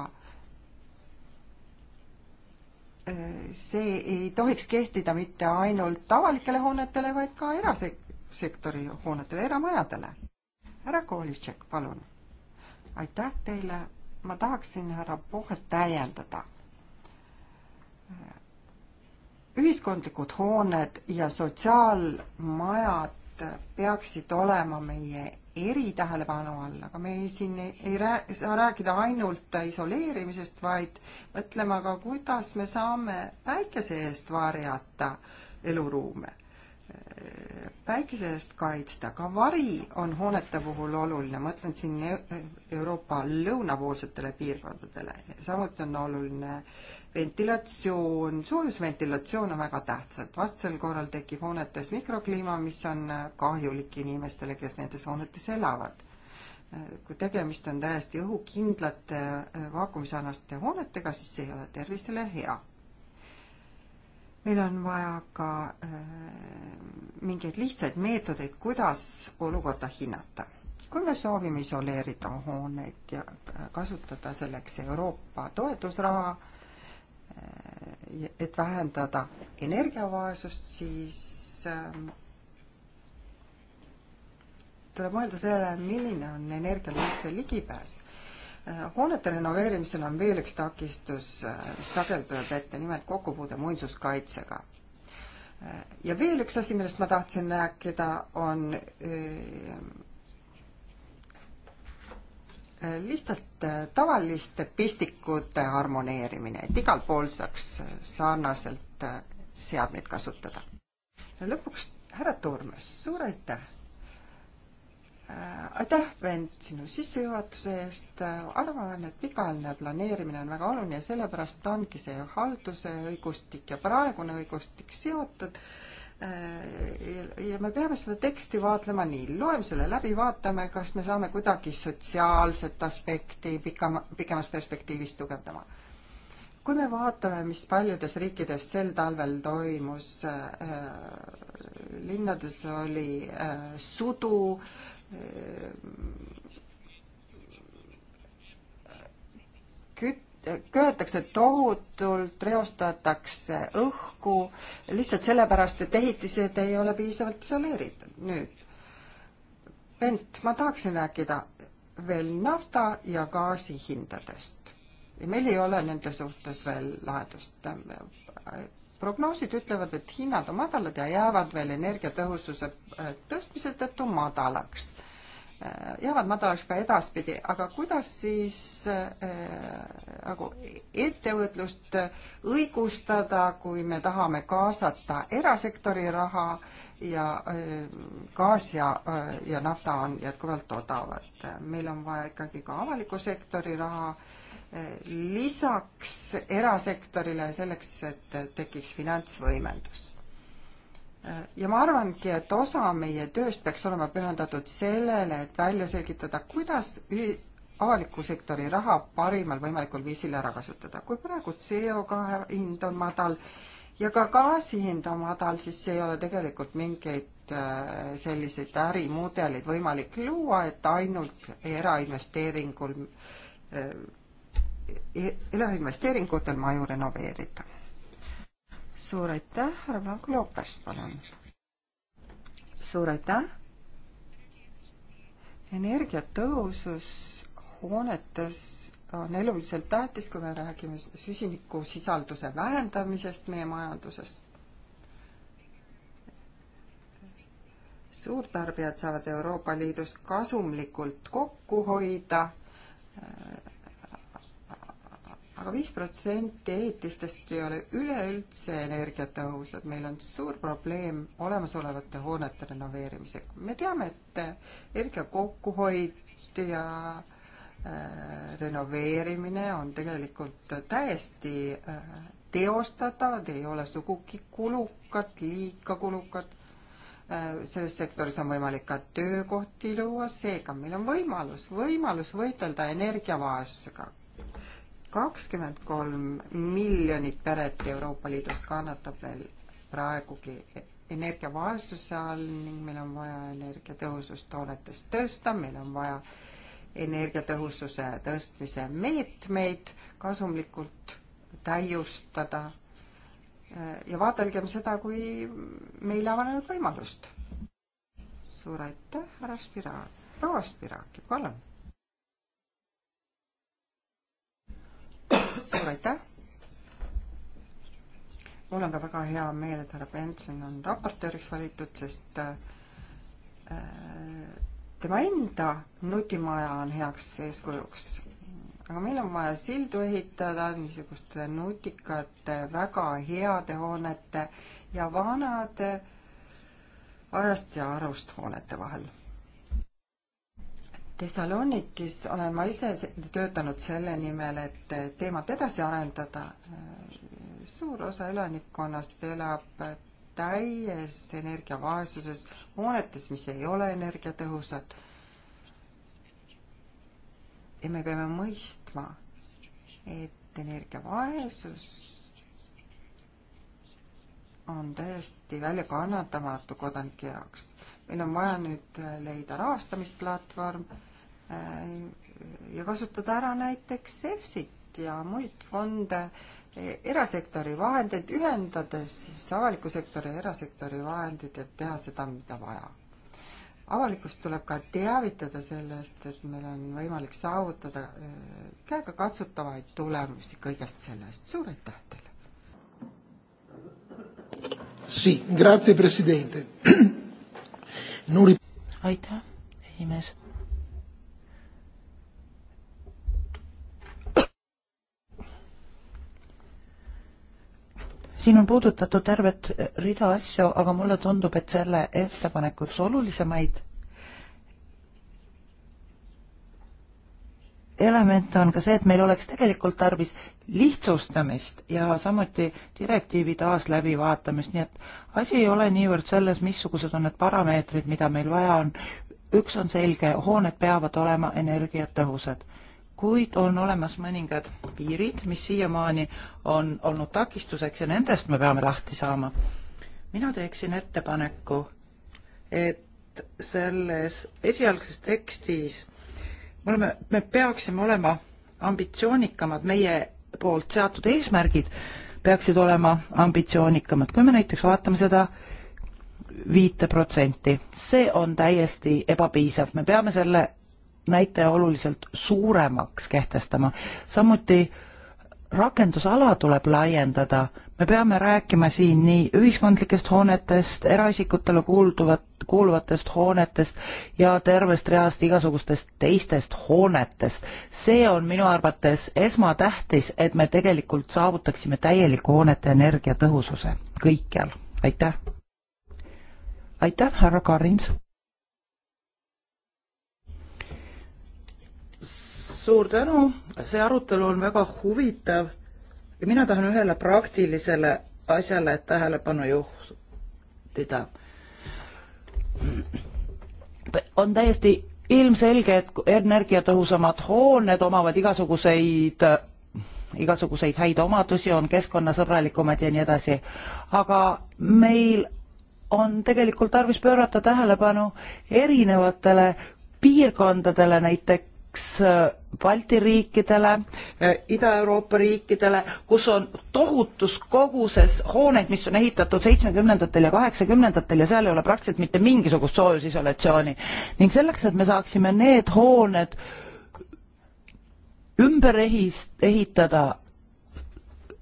see ei tohiks kehtida mitte ainult avalikele hoonetele, vaid ka erasektori hoonetele, eramajadele. härra Kolitšek, palun. aitäh teile. ma tahaksin härra Pohhet täiendada. ühiskondlikud hooned ja sotsiaalmajad peaksid olema meie eritähelepanu all, aga me ei, siin ei, ei rää-, saa rääkida ainult isoleerimisest, vaid mõtlema ka, kuidas me saame päikese eest varjata eluruume päikese eest kaitsta, ka vari on hoonete puhul oluline, mõtlen siin e-, Euroopa lõunapoolsetele piirkondadele, samuti on oluline ventilatsioon, soojusventilatsioon on väga tähtsad, vastasel korral tekib hoonetes mikrokliima, mis on kahjulik inimestele, kes nendes hoonetes elavad. kui tegemist on täiesti õhukindlate vaakumisarnaste hoonetega, siis see ei ole tervisele hea meil on vaja ka äh, mingeid lihtsaid meetodeid, kuidas olukorda hinnata. kui me soovime isoleerida hooneid ja äh, kasutada selleks Euroopa toetusraha, äh, et vähendada energiavaesust, siis ähm, tuleb mõelda sellele, milline on energiale üldse ligipääs Äh, hoonete renoveerimisel on veel üks takistus, äh, mis sageli tuleb ette, nimelt kokkupuude muinsuskaitsega. Äh, ja veel üks asi, millest ma tahtsin rääkida, on lihtsalt tavaliste pistikute harmoneerimine, et igal pool saaks sarnaselt seadmeid kasutada. lõpuks härra Toormes, suur aitäh! Äh, aitäh, Bent, sinu sissejuhatuse eest. Äh, arvan, et pikaajaline planeerimine on väga oluline, sellepärast ongi see halduse õigustik ja praegune õigustik seotud. Äh, ja me peame seda teksti vaatlema nii, loeme selle läbi, vaatame, kas me saame kuidagi sotsiaalset aspekti pikama, pikemas perspektiivis tugevdama kui me vaatame, mis paljudes riikides sel talvel toimus äh,, linnades oli äh, sudu küt-, köetakse tohutult, reostatakse õhku lihtsalt sellepärast, et ehitised ei ole piisavalt isoleeritud. nüüd, Bent, ma tahaksin rääkida veel nafta ja gaasi hindadest. meil ei ole nende suhtes veel lahendust. Äh, prognoosid ütlevad, et hinnad on madalad ja jäävad veel energiatõhususe äh, tõstmise tõttu madalaks. Äh, jäävad madalaks ka edaspidi, aga kuidas siis äh, nagu äh, ettevõtlust õigustada, kui me tahame kaasata erasektori raha ja äh, gaas ja äh,, ja nafta on jätkuvalt odavad. meil on vaja ikkagi ka avaliku sektori raha äh, lisaks erasektorile selleks, et tekiks finantsvõimendus. ja ma arvangi, et osa meie tööst peaks olema pühendatud sellele, et välja selgitada, kuidas ühi-, avaliku sektori raha parimal võimalikul viisil ära kasutada. kui praegu CO2 hind on madal ja ka gaasi hind on madal, siis ei ole tegelikult mingeid äh, selliseid ärimudeleid võimalik luua, et ainult erainvesteeringul äh, eluinvesteeringutel maju renoveerida. suur aitäh, härra Blanco Lopes, palun. suur aitäh. energiatõhusus hoonetes on eluliselt tähtis, kui me räägime süsinikusisalduse vähendamisest meie majanduses. suurtarbijad saavad Euroopa Liidus kasumlikult kokku hoida aga viis protsenti ehitistest ei ole üleüldse energiatõhusad, meil on suur probleem olemasolevate hoonete renoveerimisega. me teame, et energia kokkuhoid ja äh, renoveerimine on tegelikult täiesti äh, teostatavad, ei ole sugugi kulukad, liiga kulukad äh,. selles sektoris on võimalik ka töökohti luua, seega meil on võimalus, võimalus võidelda energiavaesusega kakskümmend kolm miljonit peret Euroopa Liidust kannatab veel praegugi energiavaesuse all ning meil on vaja energiatõhusust hoonetes tõsta, meil on vaja energiatõhususe tõstmise meetmeid kasumlikult täiustada. ja vaadelgem seda kui meile avanenud võimalust. suur aitäh, härra Spiraak, proua Spiraaki, palun suur aitäh! mul on ka väga hea meel, et härra Benson on raportööriks valitud, sest äh, tema enda nutimaja on heaks eeskujuks. aga meil on vaja sildu ehitada niisuguste nutikate, väga heade hoonete ja vanade ajast ja arust hoonete vahel Thessalonikis olen ma ise töötanud selle nimel, et teemat edasi arendada. suur osa elanikkonnast elab täies energiavaesuses hoonetes, mis ei ole energiatõhusad. ja me peame mõistma, et energiavaesus on täiesti väljakannatamatu kodanike jaoks. meil on vaja nüüd leida rahastamisplatvorm Äh, ja kasutada ära näiteks EFSit ja muid fonde, e, erasektori vahendeid, ühendades siis avaliku sektori ja erasektori vahendid, et teha seda, mida vaja. avalikkust tuleb ka teavitada sellest, et meil on võimalik saavutada e, käegakatsutavaid tulemusi kõigest sellest. suur aitäh teile! Sì, grazie Presidente. [CLEARS THROAT] Non... Aitäh, esimees siin on puudutatud tervet rida asju, aga mulle tundub, et selle ettepaneku üks olulisemaid element on ka see, et meil oleks tegelikult tarvis lihtsustamist ja samuti direktiivi taas läbivaatamist, nii et asi ei ole niivõrd selles, missugused on need parameetrid, mida meil vaja on. üks on selge, hooned peavad olema energiatõhusad kuid on olemas mõningad piirid, mis siiamaani on olnud takistuseks ja nendest me peame lahti saama. mina teeksin ettepaneku, et selles esialgses tekstis me oleme, me peaksime olema ambitsioonikamad, meie poolt seatud eesmärgid peaksid olema ambitsioonikamad, kui me näiteks vaatame seda viite protsenti, see on täiesti ebapiisav, me peame selle näitaja oluliselt suuremaks kehtestama. samuti rakendusala tuleb laiendada, me peame rääkima siin nii ühiskondlikest hoonetest, eraisikutele kuulduvat, kuuluvatest hoonetest ja tervest reast igasugustest teistest hoonetest. see on minu arvates esmatähtis, et me tegelikult saavutaksime täieliku hoonete energiatõhususe kõikjal. aitäh! aitäh, härra Karins! suur tänu, see arutelu on väga huvitav ja mina tahan ühele praktilisele asjale tähelepanu juhtida. on täiesti ilmselge, et energiatõhusamad hooned omavad igasuguseid, igasuguseid häid omadusi, on keskkonnasõbralikumad ja nii edasi. aga meil on tegelikult tarvis pöörata tähelepanu erinevatele piirkondadele, näiteks näiteks äh, Balti riikidele, äh, Ida-Euroopa riikidele, kus on tohutus koguses hooneid, mis on ehitatud seitsmekümnendatel ja kaheksakümnendatel ja seal ei ole praktiliselt mitte mingisugust soojusisolatsiooni. ning selleks, et me saaksime need hooned ümber ehist-, ehitada,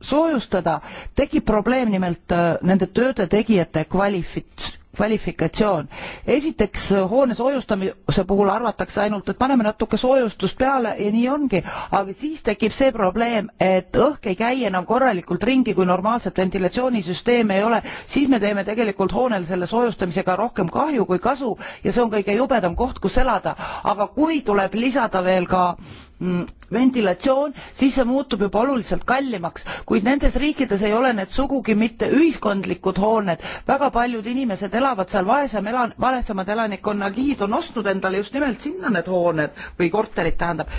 soojustada, tekib probleem nimelt äh, nende tööde tegijate kvalifits-, kvalifikatsioon. esiteks hoone soojustamise puhul arvatakse ainult, et paneme natuke soojustust peale ja nii ongi, aga siis tekib see probleem, et õhk ei käi enam korralikult ringi, kui normaalset ventilatsioonisüsteemi ei ole, siis me teeme tegelikult hoonel selle soojustamisega rohkem kahju kui kasu ja see on kõige jubedam koht, kus elada. aga kui tuleb lisada veel ka äh, Mm, ventilatsioon, siis see muutub juba oluliselt kallimaks, kuid nendes riikides ei ole need sugugi mitte ühiskondlikud hooned, väga paljud inimesed elavad seal, vaesem elan-, vaesemad elanikkonnaliid on ostnud endale just nimelt sinna need hooned või korterid, tähendab.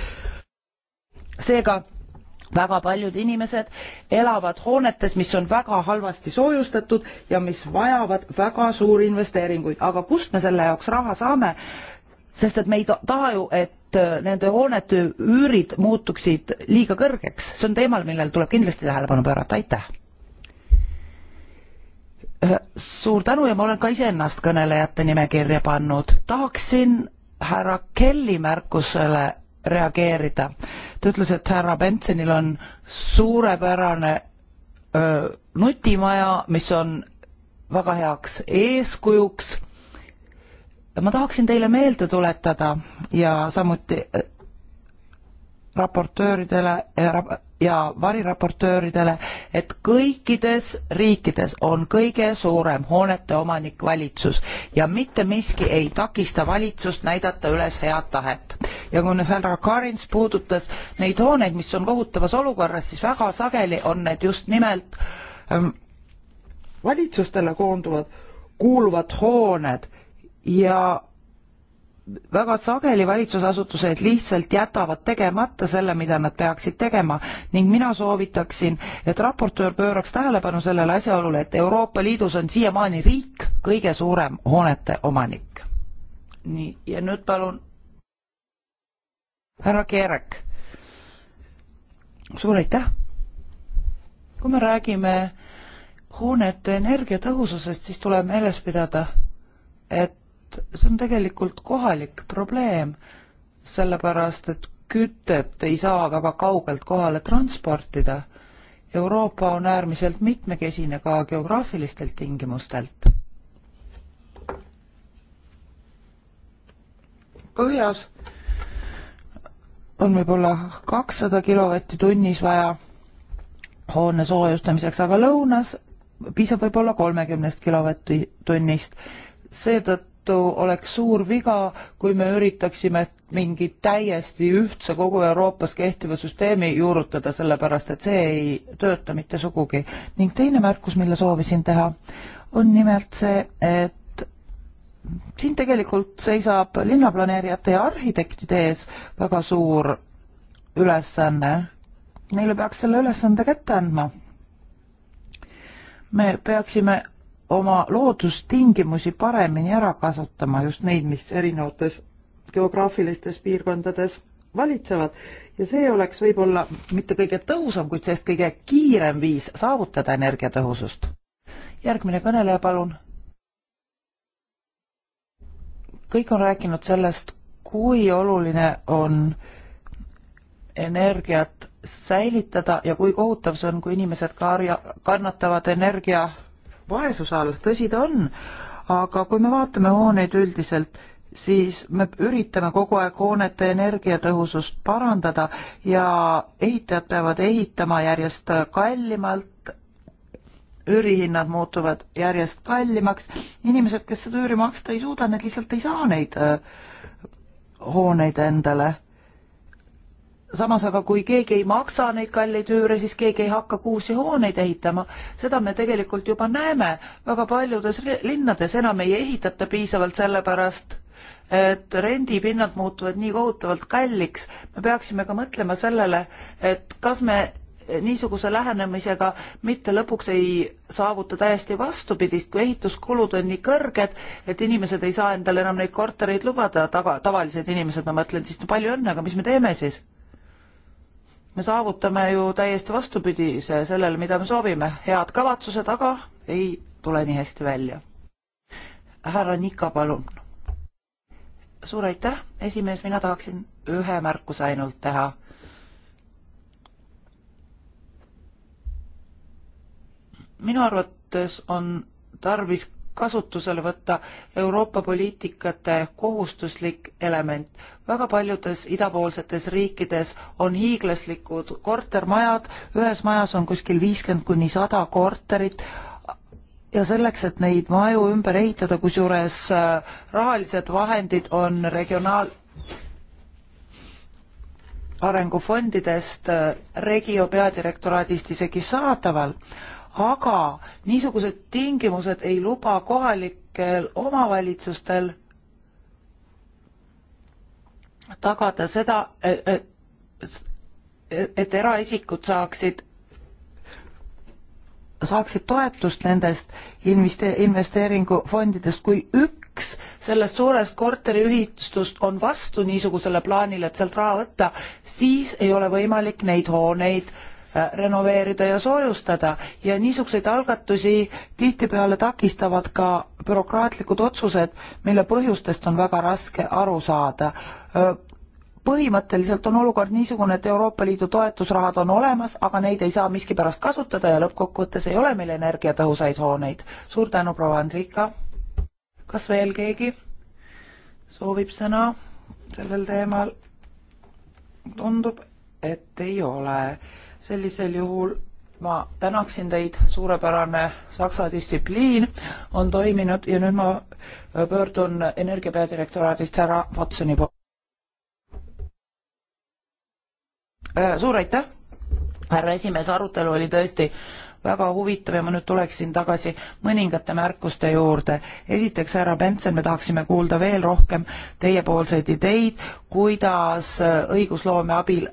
seega väga paljud inimesed elavad hoonetes, mis on väga halvasti soojustatud ja mis vajavad väga suuri investeeringuid, aga kust me selle jaoks raha saame? sest et me ei taha ju, et äh, nende hoonete üürid muutuksid liiga kõrgeks, see on teemal, millel tuleb kindlasti tähelepanu pöörata, aitäh. Äh, suur tänu ja ma olen ka iseennast kõnelejate nimekirja pannud, tahaksin härra Kelly märkusele reageerida. ta ütles, et härra Bensonil on suurepärane öö, äh, nutimaja, mis on väga heaks eeskujuks ma tahaksin teile meelde tuletada ja samuti äh, raportööridele äh, ja variraportööridele, et kõikides riikides on kõige suurem hoonete omanik valitsus ja mitte miski ei takista valitsust näidata üles head tahet. ja kui nüüd härra Karins puudutas neid hooneid, mis on kohutavas olukorras, siis väga sageli on need just nimelt ähm, valitsustele koonduvad, kuuluvad hooned ja väga sageli valitsusasutused lihtsalt jätavad tegemata selle, mida nad peaksid tegema ning mina soovitaksin, et raportöör pööraks tähelepanu sellele asjaolule, et Euroopa Liidus on siiamaani riik kõige suurem hoonete omanik. nii, ja nüüd palun härra Keerek. suur aitäh. kui me räägime hoonete energiatõhususest, siis tuleb meeles pidada, et et see on tegelikult kohalik probleem, sellepärast et kütet ei saa väga kaugelt kohale transportida. Euroopa on äärmiselt mitmekesine ka geograafilistelt tingimustelt. põhjas on võib-olla kakssada kilovatti tunnis vaja hoone soojustamiseks, aga lõunas piisab võib-olla kolmekümnest kilovatt-tunnist. seetõttu seetõttu oleks suur viga, kui me üritaksime mingi täiesti ühtse kogu Euroopas kehtiva süsteemi juurutada, sellepärast et see ei tööta mitte sugugi. ning teine märkus, mille soovisin teha, on nimelt see, et siin tegelikult seisab linnaplaneerijate ja arhitektide ees väga suur ülesanne. Neile peaks selle ülesande kätte andma. me peaksime oma loodustingimusi paremini ära kasutama, just neid, mis erinevates geograafilistes piirkondades valitsevad ja see oleks võib-olla mitte kõige tõhusam, kuid sellest kõige kiirem viis saavutada energiatõhusust. järgmine kõneleja, palun. kõik on rääkinud sellest, kui oluline on energiat säilitada ja kui kohutav see on, kui inimesed karja, kannatavad energia vaesuse all, tõsi ta on, aga kui me vaatame hooneid üldiselt, siis me üritame kogu aeg hoonete energiatõhusust parandada ja ehitajad peavad ehitama järjest kallimalt, üürihinnad muutuvad järjest kallimaks, inimesed, kes seda üüri maksta ei suuda, need lihtsalt ei saa neid äh, hooneid endale samas aga kui keegi ei maksa neid kalleid üüre, siis keegi ei hakka uusi hooneid ehitama. seda me tegelikult juba näeme väga paljudes linnades, enam ei ehitata piisavalt sellepärast, et rendipinnad muutuvad nii kohutavalt kalliks. me peaksime ka mõtlema sellele, et kas me niisuguse lähenemisega mitte lõpuks ei saavuta täiesti vastupidist, kui ehituskulud on nii kõrged, et inimesed ei saa endale enam neid kortereid lubada, taga, tavalised inimesed, ma mõtlen siis, no palju õnne, aga mis me teeme siis? me saavutame ju täiesti vastupidise sellele, mida me soovime, head kavatsused, aga ei tule nii hästi välja. härra Nika, palun. suur aitäh, esimees, mina tahaksin ühe märkuse ainult teha. minu arvates on tarvis kasutusele võtta Euroopa poliitikate kohustuslik element. väga paljudes idapoolsetes riikides on hiiglaslikud kortermajad, ühes majas on kuskil viiskümmend kuni sada korterit ja selleks, et neid maju ümber ehitada, kusjuures äh, rahalised vahendid on regionaal- arengufondidest äh, Regio peadirektoraadist isegi saadaval aga niisugused tingimused ei luba kohalikel omavalitsustel tagada seda, e, e, e, et eraisikud saaksid, saaksid toetust nendest investe-, investeeringufondidest, kui üks sellest suurest korteriühistust on vastu niisugusele plaanile, et sealt raha võtta, siis ei ole võimalik neid hooneid äh, Äh, renoveerida ja soojustada ja niisuguseid algatusi tihtipeale takistavad ka bürokraatlikud otsused, mille põhjustest on väga raske aru saada äh, põhimõtteliselt on olukord niisugune, et Euroopa Liidu toetusrahad on olemas, aga neid ei saa miskipärast kasutada ja lõppkokkuvõttes ei ole meil energiatõhusaid hooneid. suur tänu, proua Andrika. kas veel keegi soovib sõna sellel teemal? tundub, et ei ole sellisel juhul ma tänaksin teid, suurepärane saksa distsipliin on toiminud ja nüüd ma pöördun Energia peadirektoraadist härra Watsoni poole. Äh, suur aitäh, härra esimees, arutelu oli tõesti väga huvitav ja ma nüüd tuleksin tagasi mõningate märkuste juurde. esiteks, härra Bentsen, me tahaksime kuulda veel rohkem teiepoolseid ideid, kuidas õigusloome abil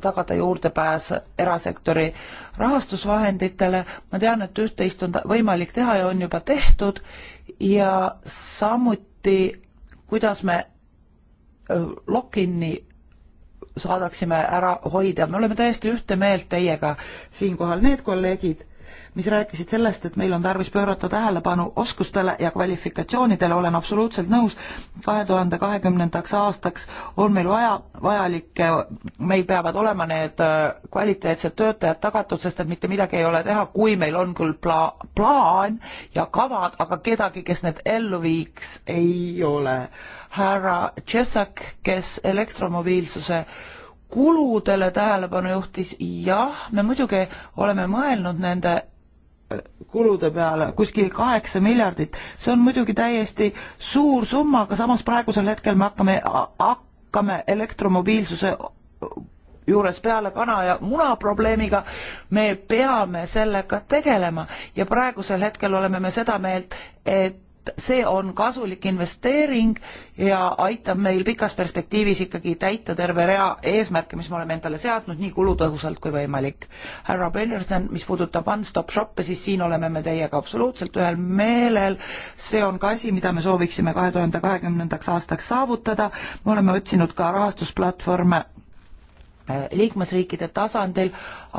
tagada juurdepääs erasektori rahastusvahenditele. ma tean, et üht-teist on võimalik teha ja on juba tehtud ja samuti, kuidas me äh, lock-in'i saadaksime ära hoida. me oleme täiesti ühte meelt teiega siinkohal, need kolleegid mis rääkisid sellest, et meil on tarvis pöörata tähelepanu oskustele ja kvalifikatsioonidele, olen absoluutselt nõus, kahe tuhande kahekümnendaks aastaks on meil vaja, vajalikke, äh, meil peavad olema need äh, kvaliteetsed töötajad tagatud, sest et mitte midagi ei ole teha, kui meil on küll pla-, plaan ja kavad, aga kedagi, kes need ellu viiks, ei ole. härra Tšesak, kes elektromobiilsuse kuludele tähelepanu juhtis, jah, me muidugi oleme mõelnud nende kulude peale kuskil kaheksa miljardit, see on muidugi täiesti suur summa, aga samas praegusel hetkel me hakkame, hakkame elektromobiilsuse juures peale kana ja muna probleemiga, me peame sellega tegelema ja praegusel hetkel oleme me seda meelt, et et see on kasulik investeering ja aitab meil pikas perspektiivis ikkagi täita terve rea eesmärke, mis me oleme endale seadnud, nii kulutõhusalt kui võimalik. härra Brennerson, mis puudutab one-stop shop'e, siis siin oleme me teiega absoluutselt ühel meelel, see on ka asi, mida me sooviksime kahe tuhande kahekümnendaks aastaks saavutada, me oleme otsinud ka rahastusplatvorme äh, liikmesriikide tasandil,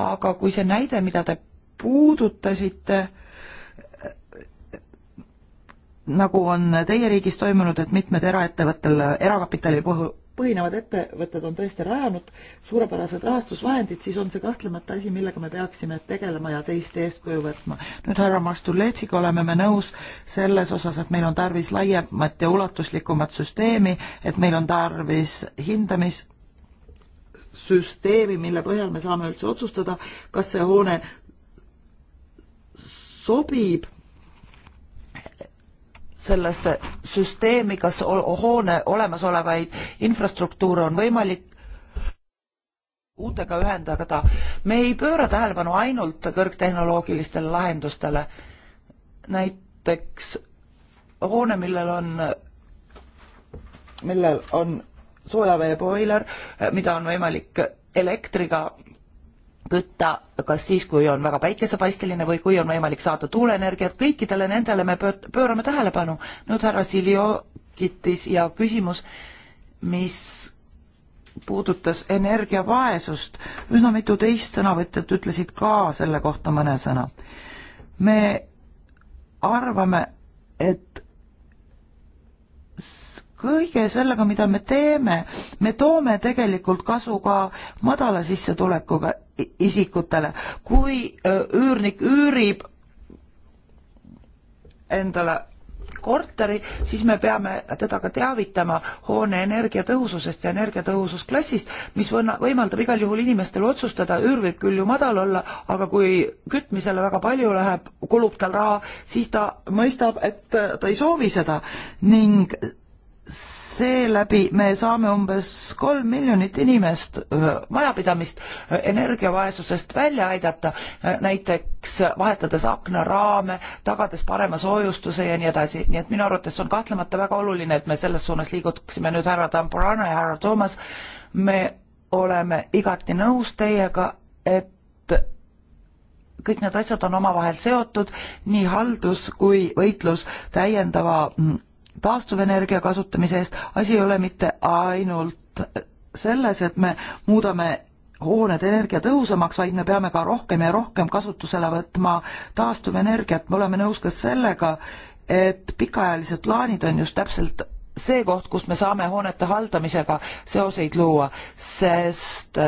aga kui see näide, mida te puudutasite äh, nagu on teie riigis toimunud, et mitmed eraettevõttel, erakapitalil põhinevad ettevõtted on tõesti rajanud suurepärased rahastusvahendid, siis on see kahtlemata asi, millega me peaksime tegelema ja teiste eeskuju võtma. nüüd härra Mastuletšiga oleme me nõus selles osas, et meil on tarvis laiemat ja ulatuslikumat süsteemi, et meil on tarvis hindamissüsteemi, mille põhjal me saame üldse otsustada, kas see hoone sobib sellesse süsteemi, kas hoone olemasolevaid infrastruktuure on võimalik uutega ühendada. me ei pööra tähelepanu ainult kõrgtehnoloogilistele lahendustele. näiteks hoone, millel on, millel on soojaveeboiler, mida on võimalik elektriga kütta kas siis, kui on väga päikesepaisteline või kui on võimalik saada tuuleenergiat, kõikidele nendele me pöörame tähelepanu. nüüd härra Siljo kittis ja küsimus, mis puudutas energiavaesust, üsna mitu teist sõnavõtjat ütlesid ka selle kohta mõne sõna. me arvame, et kõige sellega, mida me teeme, me toome tegelikult kasu ka madala sissetulekuga isikutele. kui üürnik üürib endale korteri, siis me peame teda ka teavitama hoone energiatõhususest ja energiatõhususklassist, mis võna-, võimaldab igal juhul inimestel otsustada, üür võib küll ju madal olla, aga kui kütmisele väga palju läheb, kulub tal raha, siis ta mõistab, et äh, ta ei soovi seda ning seeläbi me saame umbes kolm miljonit inimest, majapidamist energiavaesusest välja aidata, näiteks vahetades aknaraame, tagades parema soojustuse ja nii edasi, nii et minu arvates on kahtlemata väga oluline, et me selles suunas liigutaksime nüüd härra Tamburana ja härra Toomas, me oleme igati nõus teiega, et kõik need asjad on omavahel seotud, nii haldus kui võitlus täiendava mm, taastuvenergia kasutamise eest. asi ei ole mitte ainult selles, et me muudame hooned energiatõhusamaks, vaid me peame ka rohkem ja rohkem kasutusele võtma taastuvenergiat, me oleme nõus ka sellega, et pikaajalised plaanid on just täpselt see koht, kus me saame hoonete haldamisega seoseid luua, sest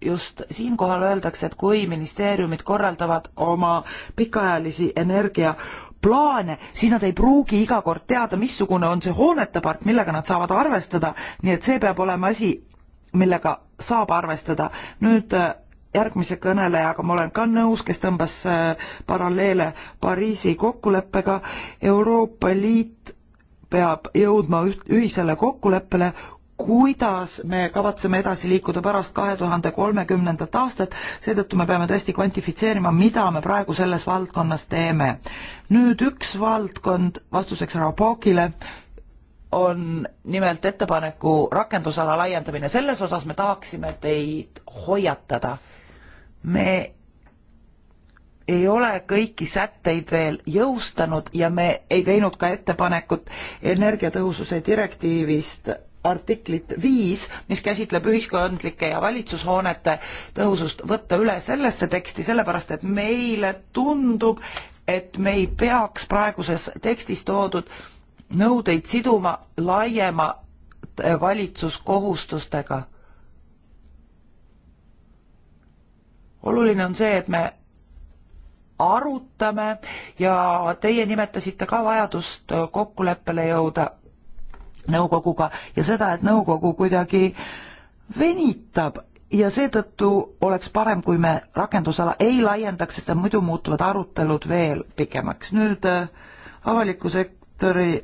just siinkohal öeldakse, et kui ministeeriumid korraldavad oma pikaajalisi energia plaane, siis nad ei pruugi iga kord teada, missugune on see hoonete park, millega nad saavad arvestada, nii et see peab olema asi, millega saab arvestada. nüüd äh, järgmise kõnelejaga ma olen ka nõus, kes tõmbas äh, paralleele Pariisi kokkuleppega, Euroopa Liit peab jõudma ühisele kokkuleppele kuidas me kavatseme edasi liikuda pärast kahe tuhande kolmekümnendat aastat, seetõttu me peame tõesti kvantifitseerima, mida me praegu selles valdkonnas teeme. nüüd üks valdkond vastuseks härra Pookile on nimelt ettepaneku rakendusala laiendamine, selles osas me tahaksime teid hoiatada. me ei ole kõiki sätteid veel jõustanud ja me ei teinud ka ettepanekut energiatõhususe direktiivist artiklit viis, mis käsitleb ühiskondlike ja valitsushoonete tõhusust, võtta üle sellesse teksti, sellepärast et meile tundub, et me ei peaks praeguses tekstis toodud nõudeid siduma laiema äh, valitsuskohustustega. oluline on see, et me arutame ja teie nimetasite ka vajadust kokkuleppele jõuda nõukoguga ja seda, et nõukogu kuidagi venitab ja seetõttu oleks parem, kui me rakendusala ei laiendaks, sest muidu muutuvad arutelud veel pikemaks. nüüd äh, avaliku sektori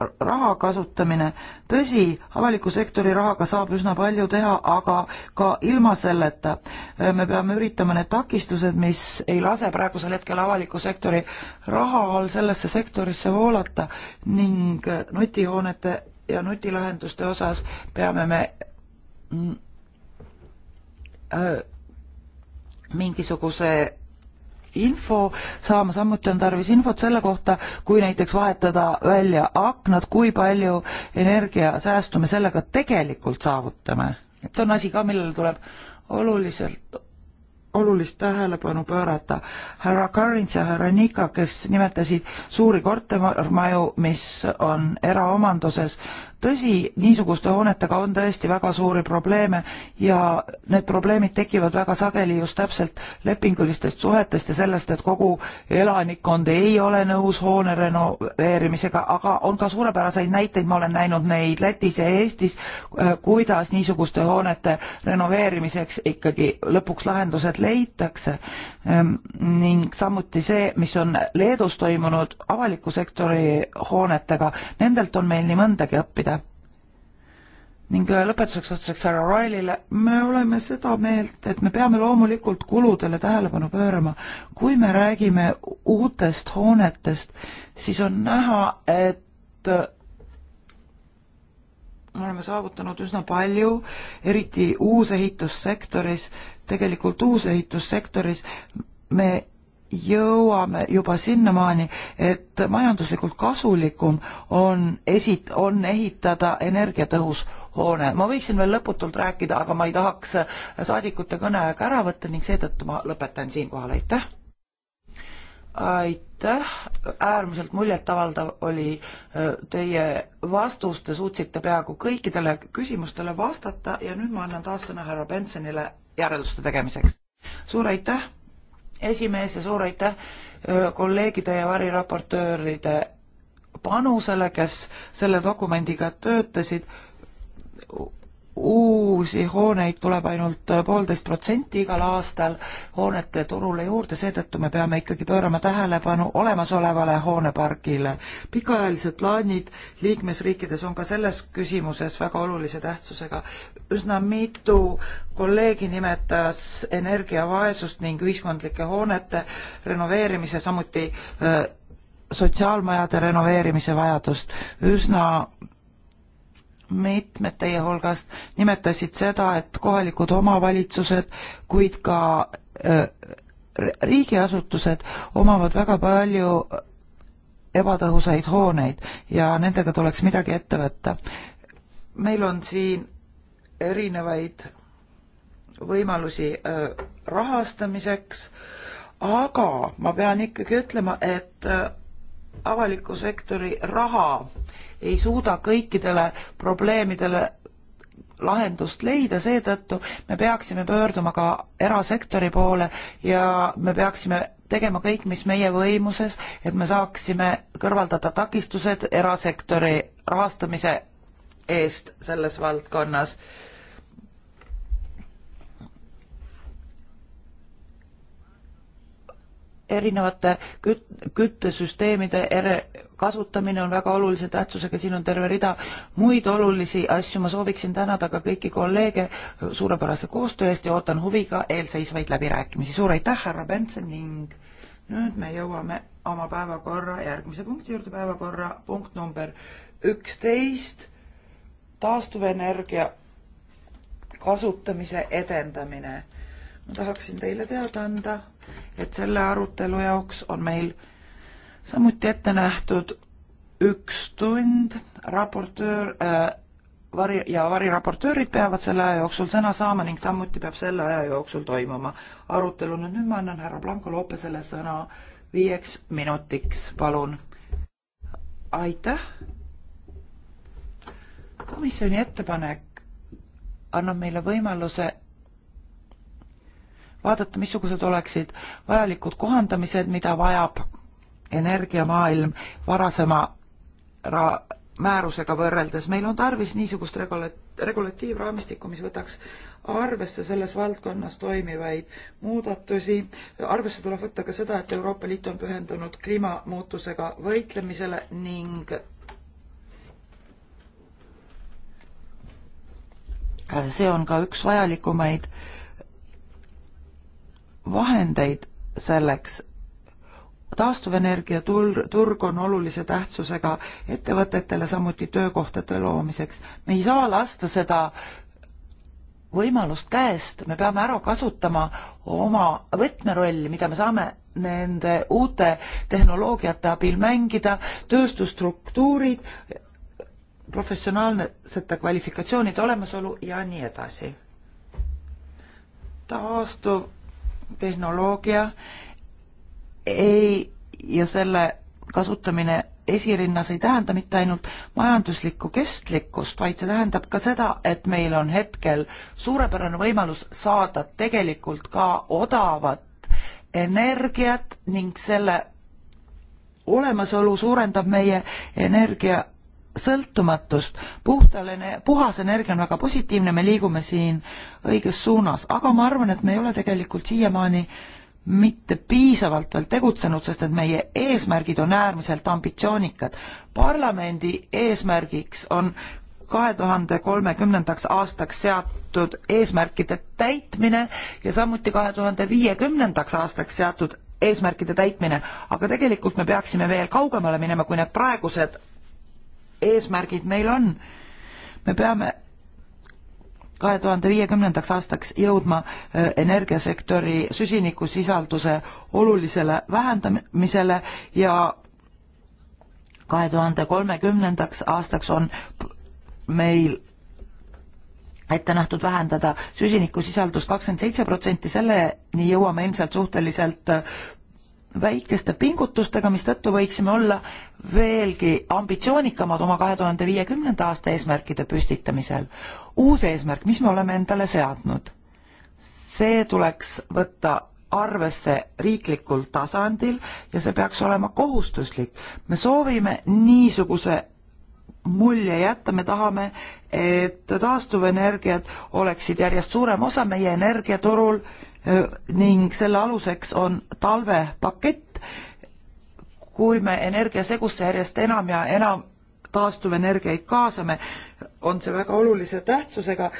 raha kasutamine. tõsi, avaliku sektori rahaga saab üsna palju teha, aga ka ilma selleta äh, me peame üritama need takistused, mis ei lase praegusel hetkel avaliku sektori rahal sellesse sektorisse voolata ning äh, nutihoonete ja nutilahenduste osas peame me mm, äh, mingisuguse info saama, samuti on tarvis infot selle kohta, kui näiteks vahetada välja aknad, kui palju energiasäästu me sellega tegelikult saavutame. et see on asi ka, millele tuleb oluliselt olulist tähelepanu pöörata. härra Karins ja härra Nika, kes nimetasid suuri kortermaju, mis on eraomanduses, tõsi, niisuguste hoonetega on tõesti väga suuri probleeme ja need probleemid tekivad väga sageli just täpselt lepingulistest suhetest ja sellest, et kogu elanikkond ei ole nõus hoone renoveerimisega, aga on ka suurepäraseid näiteid, ma olen näinud neid Lätis ja Eestis, äh, kuidas niisuguste hoonete renoveerimiseks ikkagi lõpuks lahendused leitakse. Ehm, ning samuti see, mis on Leedus toimunud avaliku sektori hoonetega, nendelt on meil nii mõndagi õppida ning äh, lõpetuseks vastuseks härra Rileyle, me oleme seda meelt, et me peame loomulikult kuludele tähelepanu pöörama. kui me räägime uutest hoonetest, siis on näha, et äh, me oleme saavutanud üsna palju, eriti uusehitussektoris, tegelikult uusehitussektoris me jõuame juba sinnamaani, et majanduslikult kasulikum on esit-, on ehitada energiatõhus hoone. ma võiksin veel lõputult rääkida, aga ma ei tahaks äh, saadikute kõneaega ära võtta ning seetõttu ma lõpetan siinkohal, aitäh! aitäh, äärmiselt muljetavaldav oli äh, teie vastus, te suutsite peaaegu kõikidele küsimustele vastata ja nüüd ma annan taas sõna härra Bensonile järelduste tegemiseks. suur aitäh, esimees ja suur aitäh äh, kolleegide ja variraportööride panusele, kes selle dokumendiga töötasid uusi hooneid tuleb ainult poolteist protsenti igal aastal hoonete turule juurde, seetõttu me peame ikkagi pöörama tähelepanu olemasolevale hoonepargile. pikaajalised plaanid liikmesriikides on ka selles küsimuses väga olulise tähtsusega. üsna mitu kolleegi nimetas energiavaesust ning ühiskondlike hoonete renoveerimise, samuti äh, sotsiaalmajade renoveerimise vajadust. üsna mitmed teie hulgast nimetasid seda, et kohalikud omavalitsused, kuid ka äh, riigiasutused omavad väga palju ebatõhusaid hooneid ja nendega tuleks midagi ette võtta. meil on siin erinevaid võimalusi äh, rahastamiseks, aga ma pean ikkagi ütlema, et äh, avaliku sektori raha ei suuda kõikidele probleemidele lahendust leida, seetõttu me peaksime pöörduma ka erasektori poole ja me peaksime tegema kõik, mis meie võimuses, et me saaksime kõrvaldada takistused erasektori rahastamise eest selles valdkonnas erinevate küt-, küttesüsteemide ere-, kasutamine on väga olulise tähtsusega, siin on terve rida muid olulisi asju, ma sooviksin tänada ka kõiki kolleege suurepärase koostöö eest ja ootan huviga eelseisvaid läbirääkimisi. suur aitäh, härra Benson ning nüüd me jõuame oma päevakorra järgmise punkti juurde, päevakorra punkt number üksteist, taastuvenergia kasutamise edendamine. ma tahaksin teile teada anda et selle arutelu jaoks on meil samuti ette nähtud üks tund, raportöör äh, vari- ja variraportöörid peavad selle aja jooksul sõna saama ning samuti peab selle aja jooksul toimuma arutelu. no nüüd ma annan härra Blanco Lopesele sõna viieks minutiks, palun. aitäh. komisjoni ettepanek annab meile võimaluse vaadata, missugused oleksid vajalikud kohandamised, mida vajab energiamaailm varasema ra-, määrusega võrreldes, meil on tarvis niisugust regula-, regulatiivraamistikku, mis võtaks arvesse selles valdkonnas toimivaid muudatusi, arvesse tuleb võtta ka seda, et Euroopa Liit on pühendunud kliimamuutusega võitlemisele ning see on ka üks vajalikumaid vahendeid selleks. taastuvenergia tur-, turg on olulise tähtsusega ettevõtetele, samuti töökohtade loomiseks. me ei saa lasta seda võimalust käest, me peame ära kasutama oma võtmerolli, mida me saame nende uute tehnoloogiate abil mängida, tööstusstruktuurid, professionaalsete kvalifikatsioonide olemasolu ja nii edasi. taastuv tehnoloogia ei ja selle kasutamine esirinnas ei tähenda mitte ainult majanduslikku kestlikkust, vaid see tähendab ka seda, et meil on hetkel suurepärane võimalus saada tegelikult ka odavat energiat ning selle olemasolu suurendab meie energia sõltumatust. puhtal, puhas energia on väga positiivne, me liigume siin õiges suunas, aga ma arvan, et me ei ole tegelikult siiamaani mitte piisavalt veel tegutsenud, sest et meie eesmärgid on äärmiselt ambitsioonikad. parlamendi eesmärgiks on kahe tuhande kolmekümnendaks aastaks seatud eesmärkide täitmine ja samuti kahe tuhande viiekümnendaks aastaks seatud eesmärkide täitmine, aga tegelikult me peaksime veel kaugemale minema, kui need praegused eesmärgid meil on. me peame kahe tuhande viiekümnendaks aastaks jõudma äh, energiasektori süsinikusisalduse olulisele vähendamisele ja kahe tuhande kolmekümnendaks aastaks on meil ette nähtud vähendada süsinikusisaldust kakskümmend seitse protsenti, selleni jõuame ilmselt suhteliselt äh, väikeste pingutustega, mistõttu võiksime olla veelgi ambitsioonikamad oma kahe tuhande viiekümnenda aasta eesmärkide püstitamisel. uus eesmärk, mis me oleme endale seadnud, see tuleks võtta arvesse riiklikul tasandil ja see peaks olema kohustuslik. me soovime niisuguse mulje jätta, me tahame, et taastuvenergiad oleksid järjest suurem osa meie energiaturul ning selle aluseks on talvepakett, kui me energiasegusse järjest enam ja enam taastuvenergiaid kaasame, on see väga olulise tähtsusega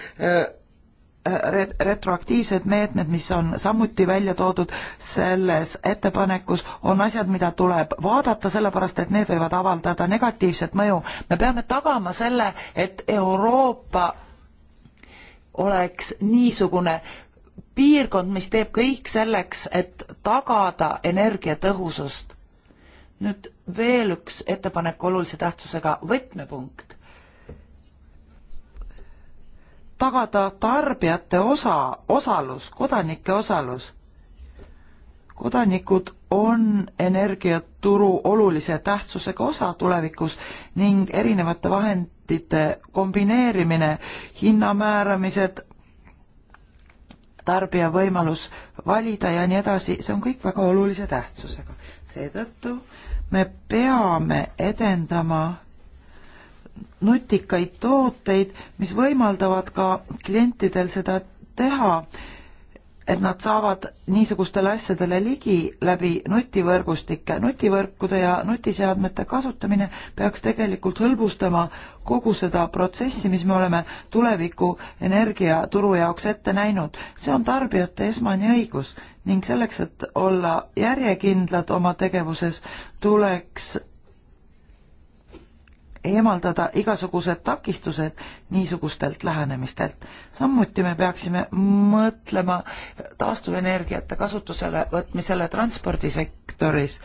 ret-, retroaktiivsed meetmed, mis on samuti välja toodud selles ettepanekus, on asjad, mida tuleb vaadata, sellepärast et need võivad avaldada negatiivset mõju. me peame tagama selle, et Euroopa oleks niisugune piirkond, mis teeb kõik selleks, et tagada energiatõhusust. nüüd veel üks ettepanek olulise tähtsusega võtmepunkt. tagada tarbijate osa, osalus, kodanike osalus. kodanikud on energiaturu olulise tähtsusega osa tulevikus ning erinevate vahendite kombineerimine, hinna määramised, tarbija võimalus valida ja nii edasi, see on kõik väga olulise tähtsusega. seetõttu me peame edendama nutikaid tooteid, mis võimaldavad ka klientidel seda teha et nad saavad niisugustele asjadele ligi läbi nutivõrgustike. nutivõrkude ja nutiseadmete kasutamine peaks tegelikult hõlbustama kogu seda protsessi, mis me oleme tuleviku energiaturu jaoks ette näinud. see on tarbijate esmane õigus ning selleks, et olla järjekindlad oma tegevuses, tuleks eemaldada igasugused takistused niisugustelt lähenemistelt. samuti me peaksime mõtlema taastuvenergiate kasutusele võtmisele transpordisektoris.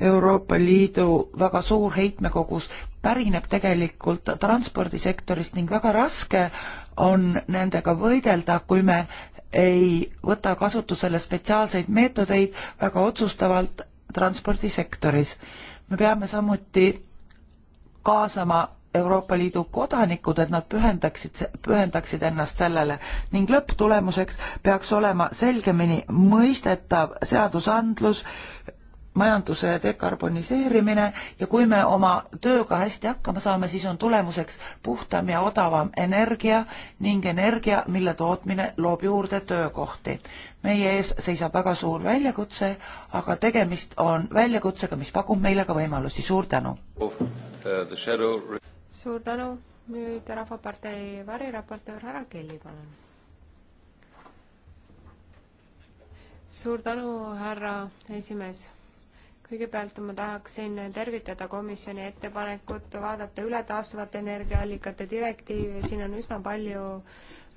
Euroopa Liidu väga suur heitmekogus pärineb tegelikult transpordisektorist ning väga raske on nendega võidelda, kui me ei võta kasutusele spetsiaalseid meetodeid väga otsustavalt transpordisektoris. me peame samuti kaasama Euroopa Liidu kodanikud, et nad pühendaksid, pühendaksid ennast sellele ning lõpptulemuseks peaks olema selgemini mõistetav seadusandlus, majanduse dekarboniseerimine ja kui me oma tööga hästi hakkama saame, siis on tulemuseks puhtam ja odavam energia ning energia, mille tootmine loob juurde töökohti. meie ees seisab väga suur väljakutse, aga tegemist on väljakutsega, mis pakub meile ka võimalusi, suur tänu! suur tänu, nüüd Rahvapartei variraportöör härra Kelly, palun! suur tänu, härra esimees! kõigepealt ma tahaksin tervitada komisjoni ettepanekut vaadata üle taastuvate energiaallikate direktiiv ja siin on üsna palju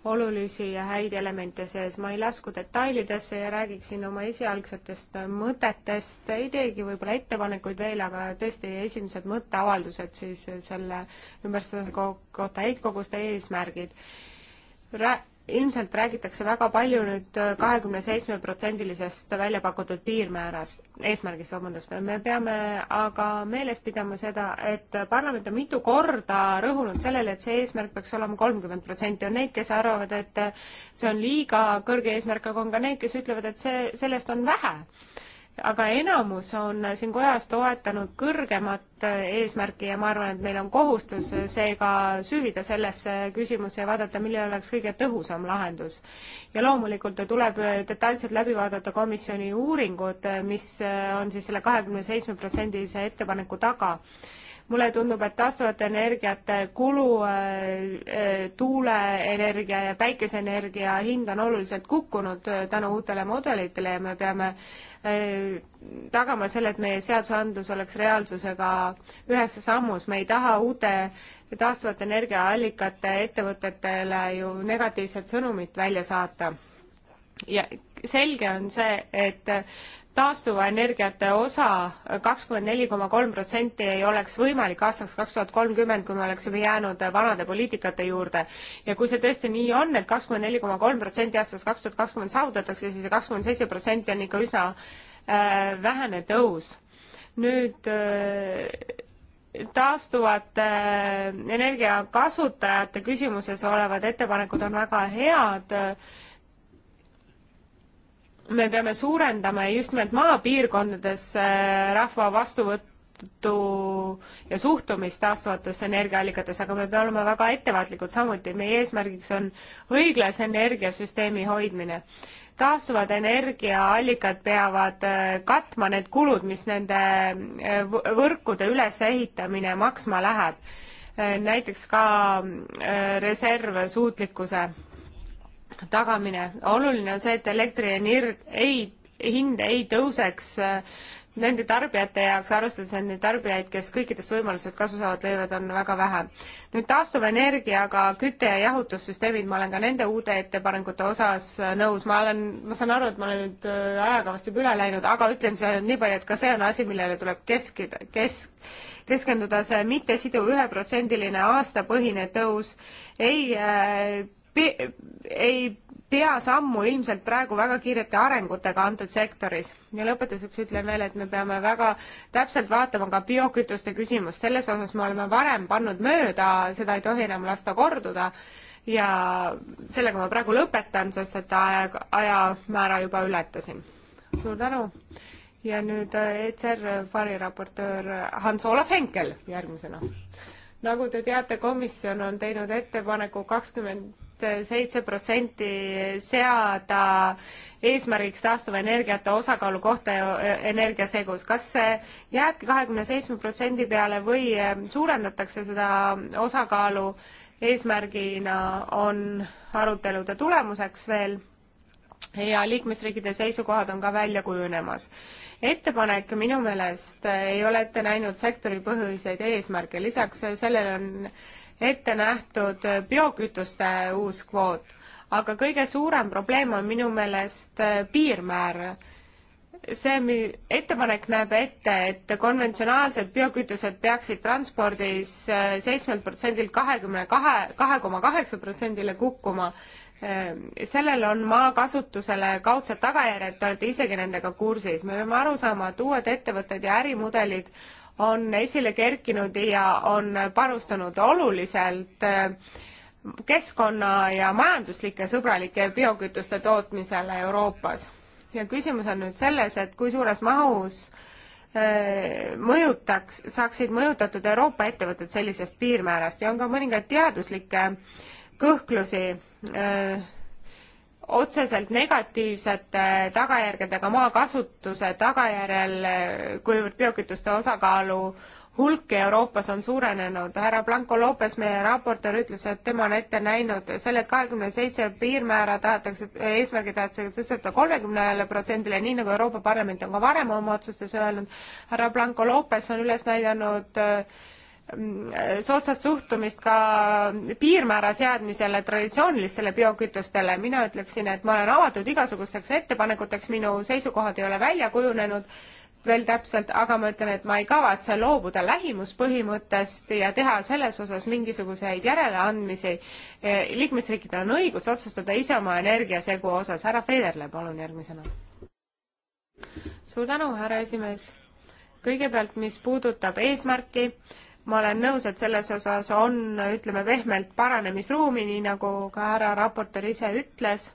olulisi ja häid elemente sees. ma ei lasku detailidesse ja räägiksin oma esialgsetest mõtetest, ei teegi võib-olla ettepanekuid veel, aga tõesti esimesed mõtteavaldused siis selle ümberstuse kohta heitkoguste eesmärgid Rää-, ilmselt räägitakse väga palju nüüd kahekümne seitsme protsendilisest välja pakutud piirmäärast, eesmärgist, vabandust. me peame aga meeles pidama seda, et parlament on mitu korda rõhunud sellele, et see eesmärk peaks olema kolmkümmend protsenti. on neid, kes arvavad, et see on liiga kõrge eesmärk, aga on ka neid, kes ütlevad, et see, sellest on vähe aga enamus on siin kojas toetanud kõrgemat eesmärki ja ma arvan, et meil on kohustus seega süüvida sellesse küsimusse ja vaadata, milline oleks kõige tõhusam lahendus. ja loomulikult tuleb detailselt läbi vaadata komisjoni uuringud, mis on siis selle kahekümne seitsme protsendilise ettepaneku taga mulle tundub, et taastuvate energiate äh, kulu äh, äh, tuuleenergia ja päikeseenergia hind on oluliselt kukkunud tänu uutele mudelitele ja me peame tagama selle, et meie seadusandlus oleks reaalsusega ühes sammus, me ei taha uute taastuvate energiaallikate ettevõtetele ju negatiivset sõnumit välja saata ja selge on see, et taastuva energiate osa kakskümmend neli koma kolm protsenti ei oleks võimalik aastaks kaks tuhat kolmkümmend, kui me oleksime jäänud vanade poliitikate juurde. ja kui see tõesti nii on et, et kakskümmend neli koma kolm protsenti aastaks kaks tuhat kakskümmend saavutatakse, siis see kakskümmend seitse protsenti on ikka üsna äh, vähene tõus. nüüd äh, taastuvate äh, energiakasutajate küsimuses olevad ettepanekud on väga head äh, me peame suurendama just nimelt maapiirkondades äh, rahva vastuvõttu ja suhtumist taastuvatesse energiaallikatesse, aga me peame olema väga ettevaatlikud samuti, meie eesmärgiks on õiglase energiasüsteemi hoidmine. taastuvad energiaallikad peavad äh, katma need kulud, mis nende äh, võrkude ülesehitamine maksma läheb näiteks ka reservsuutlikkuse tagamine. oluline on see, et elektrienerg ei, hind ei tõuseks äh, nende tarbijate jaoks, arvestades, et neid tarbijaid, kes kõikidest võimalustest kasu saavad, võivad, on väga vähe. nüüd taastuvenergiaga küte- ja jahutussüsteemid, ma olen ka nende uute ettepanekute osas äh, nõus, ma olen, ma saan aru, et ma olen nüüd äh, ajakavast juba üle läinud, aga ütlen seal nii palju, et ka see on asi, millele tuleb keskida, kesk, keskenduda, see mittesiduv üheprotsendiline aastapõhine tõus ei äh, ei pea sammu ilmselt praegu väga kiirete arengutega antud sektoris. ja lõpetuseks ütlen veel, et me peame väga täpselt vaatama ka biokütuste küsimust, selles osas me oleme varem pannud mööda, seda ei tohi enam lasta korduda ja sellega ma praegu lõpetan, sest et aeg, ajamäära juba ületasin. suur tänu ja nüüd äh, ECR Fari raportöör Hans-Olav Henkel järgmisena. nagu te teate, komisjon on teinud ettepaneku kakskümmend 20 seitse protsenti seada eesmärgiks taastuvenergiate osakaalu kohta energiasegus. kas see jääbki kahekümne seitsme protsendi peale või suurendatakse seda osakaalu eesmärgina, on arutelude tulemuseks veel ja liikmesriikide seisukohad on ka välja kujunemas. ettepanek minu meelest ei ole ette näinud sektoripõhiseid eesmärke, lisaks sellele on ette nähtud biokütuste uus kvoot, aga kõige suurem probleem on minu meelest äh, piirmäär. see ettepanek näeb ette, et konventsionaalsed biokütused peaksid transpordis äh, seitsmelt protsendilt kahekümne kahe, kahe koma kaheksa protsendile kukkuma äh, sellel on maakasutusele kaudsed tagajärjed, te olete isegi nendega kursis, me peame aru saama, et uued ettevõtted ja ärimudelid on esile kerkinud ja on panustanud oluliselt eh, keskkonna ja majanduslike sõbralike biokütuste tootmisele Euroopas. ja küsimus on nüüd selles, et kui suures mahus eh, mõjutaks, saaksid mõjutatud Euroopa ettevõtted sellisest piirmäärast ja on ka mõningaid teaduslikke kõhklusi öö, eh, otseselt negatiivsete tagajärgedega maakasutuse tagajärjel, kuivõrd biokütuste osakaalu hulk Euroopas on suurenenud. härra Blanco Lopez, meie raportöör, ütles, et tema on ette näinud selle, et kahekümne seitse piirmäära tahetakse, eesmärgi tahetakse tõsteta kolmekümnele protsendile, nii nagu Euroopa Parlament on ka varem oma otsustes öelnud. härra Blanco Lopez on üles näidanud äh, soodsat suhtumist ka piirmäära seadmisele traditsioonilistele biokütustele. mina ütleksin, et ma olen avatud igasugusteks ettepanekuteks, minu seisukohad ei ole välja kujunenud veel täpselt, aga ma ütlen, et ma ei kavatse loobuda lähimuspõhimõttest ja teha selles osas mingisuguseid järeleandmisi. liikmesriikidel on õigus otsustada ise oma energiasegu osas. härra Federle, palun järgmisena. suur tänu, härra esimees. kõigepealt, mis puudutab eesmärki ma olen nõus, et selles osas on, ütleme pehmelt, paranemisruumi, nii nagu ka härra raportöör ise ütles.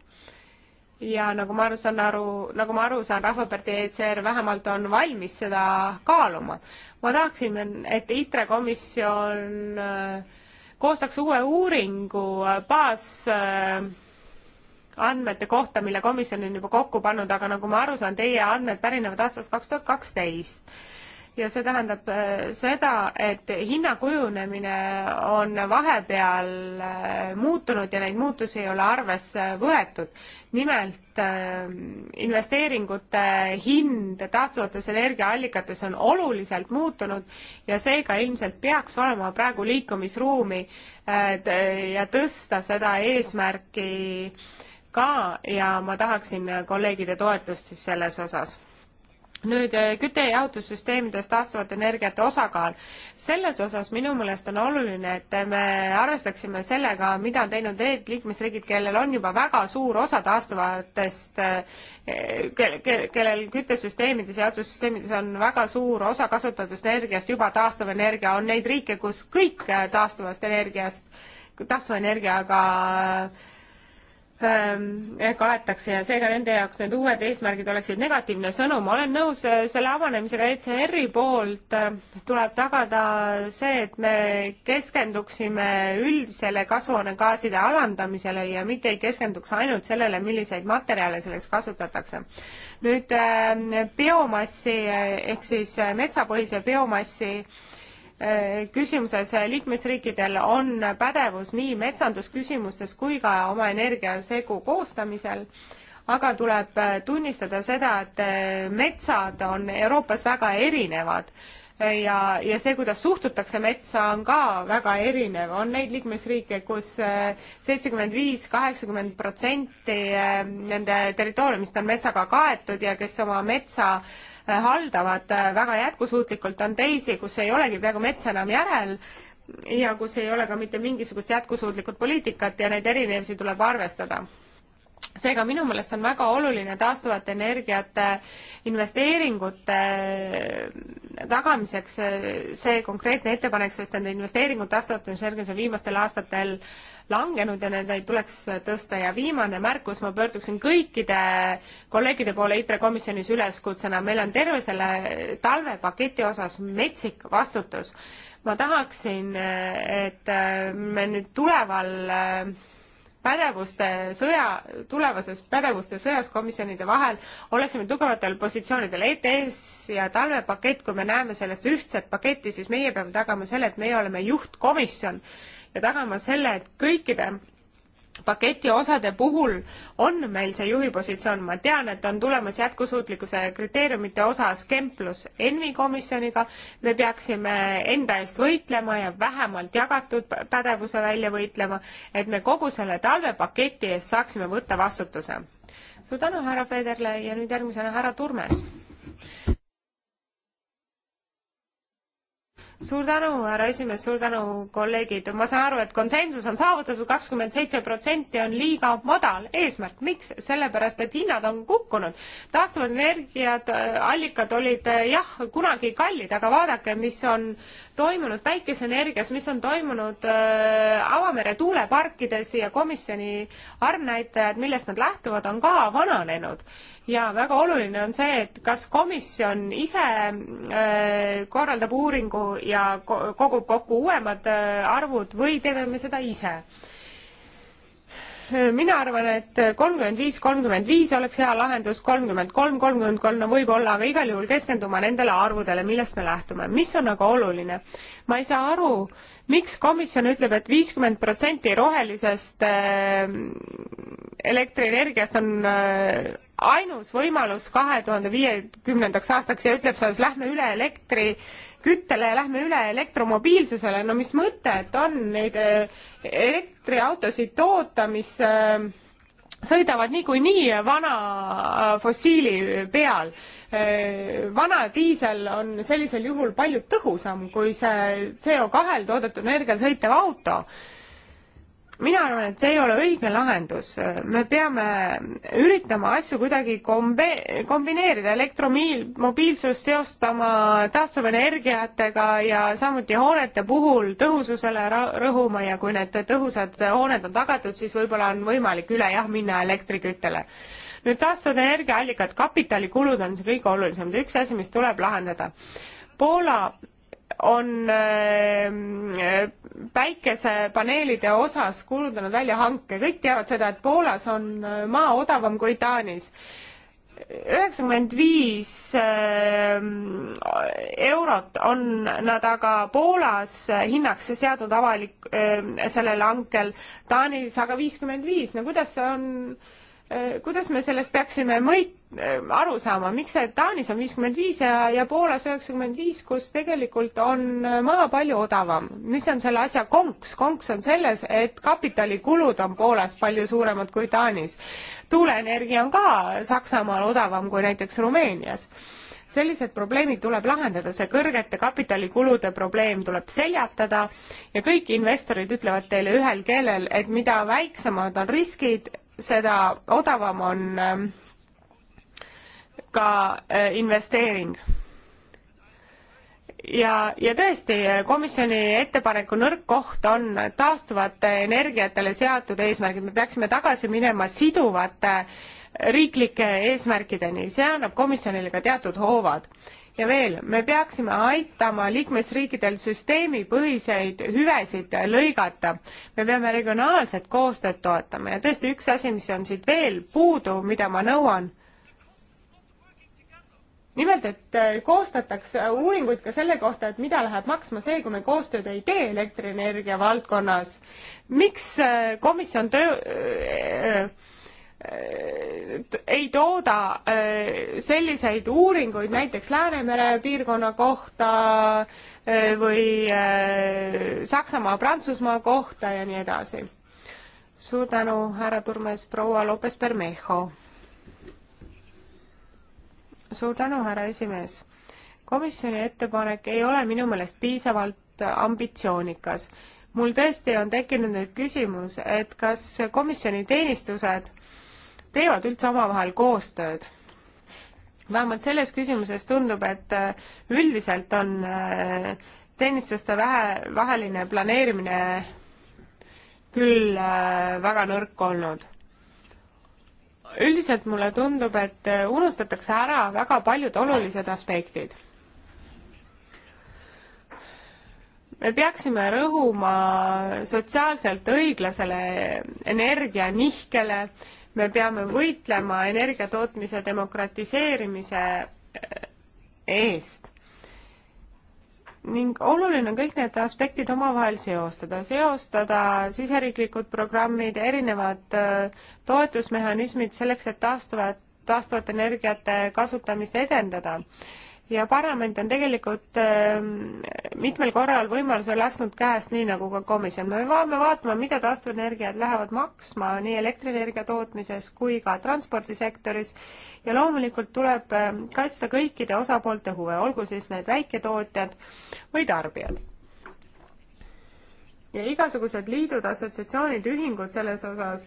ja nagu ma aru saan aru, nagu ma aru saan, Rahvapartei ECR vähemalt on valmis seda kaaluma. ma tahaksin, et ITRE komisjon äh, koostaks uue uuringu äh, baas äh, andmete kohta, mille komisjon on juba kokku pannud, aga nagu ma aru saan, teie andmed pärinevad aastast kaks tuhat kaksteist ja see tähendab äh, seda, et hinna kujunemine on vahepeal äh, muutunud ja neid muutusi ei ole arvesse võetud. nimelt äh, investeeringute hind taastuvates energiaallikates on oluliselt muutunud ja seega ilmselt peaks olema praegu liikumisruumi ja tõsta seda eesmärki ka ja ma tahaksin kolleegide toetust siis selles osas nüüd eh, küte- ja jaotussüsteemides taastuvate energiate osakaal. selles osas minu meelest on oluline, et me arvestaksime sellega, mida on teinud need liikmesriigid, kellel on juba väga suur osa taastuvatest eh, kelle, kelle, kellel küttesüsteemides ja jaotussüsteemides on väga suur osa kasutatud energiast juba taastuvenergia, on neid riike, kus kõik eh, taastuvast energiast, taastuvenergiaga äh, Ehm, eh, kaetakse ja seega nende jaoks need uued eesmärgid oleksid negatiivne sõnum. olen nõus eh, selle avanemisega ECR-i poolt, tuleb tagada see, et me keskenduksime üldisele kasvuhoonegaaside alandamisele ja mitte ei keskenduks ainult sellele, milliseid materjale selleks kasutatakse. nüüd ehm, biomassi eh, ehk siis metsapõhise biomassi äh, Äh, küsimuses äh, liikmesriikidel on pädevus nii metsandusküsimustes kui ka oma energiasegu koostamisel, aga tuleb äh, tunnistada seda, et metsad on Euroopas väga erinevad ja, ja see, kuidas suhtutakse metsa, on ka väga erinev. on neid liikmesriike kus, kus seitsekümmend viis, kaheksakümmend protsenti nende territooriumist on metsaga kaetud ja kes oma metsa äh, haldavad äh, väga jätkusuutlikult, on teisi, kus ei olegi peaaegu metsa enam järel ja kus ei ole ka mitte mingisugust jätkusuutlikut poliitikat ja neid erinevusi tuleb arvestada seega minu meelest on väga oluline taastuvate energiate investeeringute äh, tagamiseks äh, see konkreetne ettepanek, sest nende investeeringud taastuvates energias on viimastel aastatel langenud ja need tuleks tõsta ja viimane märkus, ma pöörduksin kõikide kolleegide poole ITRE komisjonis üleskutsena, meil on terve selle talvepaketi osas metsik vastutus. ma tahaksin, äh, et me nüüd tuleval pädevuste sõja, tulevases pädevuste sõjas komisjonide vahel oleksime tugevatel positsioonidel. ETS ja talvepakett, kui me näeme sellest ühtset paketti, siis meie peame tagama selle, et meie oleme juhtkomisjon ja tagama selle, et kõikide paketi osade puhul on meil see juhipositsioon, ma tean, et on tulemas jätkusuutlikkuse kriteeriumite osas kemplus ENMi komisjoniga, me peaksime enda eest võitlema ja vähemalt jagatud pädevuse välja võitlema, et me kogu selle talvepaketi eest saaksime võtta vastutuse. suur tänu, härra Federle ja nüüd järgmisena härra Turmes. suur tänu, härra esimees, suur tänu, kolleegid. ma saan aru, et konsensus on saavutatud, kakskümmend seitse protsenti on liiga madal eesmärk. miks? sellepärast, et hinnad on kukkunud. taastuvenergiad, äh, allikad olid äh, jah, kunagi kallid, aga vaadake, mis on toimunud päikeseenergias, mis on toimunud äh, avamere tuuleparkides ja komisjoni arvnäitajad, millest nad lähtuvad, on ka vananenud. ja väga oluline on see, et kas komisjon ise äh, korraldab uuringu ja ko kogub kokku uuemad äh, arvud või teeme me seda ise mina arvan, et kolmkümmend viis, kolmkümmend viis oleks hea lahendus, kolmkümmend kolm, kolmkümmend kolm, no võib-olla, aga igal juhul keskenduma nendele arvudele, millest me lähtume. mis on aga oluline? ma ei saa aru, miks komisjon ütleb et, et viiskümmend protsenti rohelisest eh, elektrienergiast on eh, ainus võimalus kahe tuhande viiekümnendaks aastaks ja ütleb selles, lähme üle elektri küttele ja lähme üle elektromobiilsusele, no mis mõtet on neid eh, elektriautosid toota, mis eh, sõidavad niikuinii vana eh, fossiili peal. vana diisel on sellisel juhul palju tõhusam kui see CO2-l toodetud energial sõitev auto mina arvan, et see ei ole õige lahendus, me peame üritama asju kuidagi kombe-, kombineerida, elektromiil-, mobiilsust seostama taastuvenergiatega ja samuti hoonete puhul tõhususele rõhuma ja kui need tõhusad hooned on tagatud, siis võib-olla on võimalik üle jah, minna elektriküttele nüüd taastuvenergiaallikad, kapitalikulud on see kõige olulisem, üks asi, mis tuleb lahendada. Poola on äh, päikesepaneelide osas kuulutanud välja hanke, kõik teavad seda, et Poolas on äh, maa odavam kui Taanis. üheksakümmend viis äh, eurot on nad aga Poolas hinnaks seadnud avalik, sellel hankel, Taanis aga viiskümmend viis, no kuidas see on äh, Äh, kuidas me sellest peaksime mõi-, äh, aru saama, miks see Taanis on viiskümmend viis ja, ja Poolas üheksakümmend viis, kus tegelikult on äh, maa palju odavam. mis on selle asja konks? konks on selles, et kapitalikulud on Poolas palju suuremad kui Taanis. tuuleenergia on ka Saksamaal odavam kui näiteks Rumeenias sellised probleemid tuleb lahendada, see kõrgete kapitalikulude probleem tuleb seljatada ja kõik investorid ütlevad teile ühel keelel, et mida väiksemad on riskid, seda odavam on ähm, ka äh, investeering. ja, ja tõesti, äh, komisjoni ettepaneku nõrk koht on taastuvate energiatele seatud eesmärgid, me peaksime tagasi minema siduvate riiklike eesmärkideni, see annab komisjonile ka teatud hoovad ja veel, me peaksime aitama liikmesriikidel süsteemipõhiseid hüvesid lõigata. me peame regionaalset koostööd toetama ja tõesti üks asi, mis on siit veel puudu, mida ma nõuan, nimelt, et äh, koostatakse uuringuid ka selle kohta, et mida läheb maksma see, kui me koostööd ei tee elektrienergia valdkonnas. miks äh, komisjon töö öö, äh, öö, Äh, ei tooda äh, selliseid uuringuid näiteks Läänemere piirkonna kohta äh, või Saksamaa, Prantsusmaa kohta ja nii edasi. suur tänu, härra Turmes, proua Lopes Bermejo. suur tänu, härra esimees. komisjoni ettepanek ei ole minu meelest piisavalt ambitsioonikas. mul tõesti on tekkinud nüüd küsimus, et kas komisjoni teenistused teevad üldse omavahel koostööd. vähemalt selles küsimuses tundub, et äh, üldiselt on äh, teenistuste vähe, vaheline planeerimine küll äh, väga nõrk olnud. üldiselt mulle tundub, et unustatakse ära väga paljud olulised aspektid me peaksime rõhuma sotsiaalselt õiglasele energianihkele, me peame võitlema energiatootmise demokratiseerimise eh, eest. ning oluline on kõik need aspektid omavahel seostada, seostada siseriiklikud programmid, erinevad eh, toetusmehhanismid selleks, et taastuvat, taastuvat energiate kasutamist edendada ja parlament on tegelikult ähm, mitmel korral võimaluse lasknud käest, nii nagu ka komisjon. me peame vaatama, mida taastuvenergiad lähevad maksma nii elektrienergia tootmises kui ka transpordisektoris ja loomulikult tuleb ähm, kaitsta kõikide osapoolte huve, olgu siis need väiketootjad või tarbijad ja igasugused liidud, assotsiatsioonid, ühingud selles osas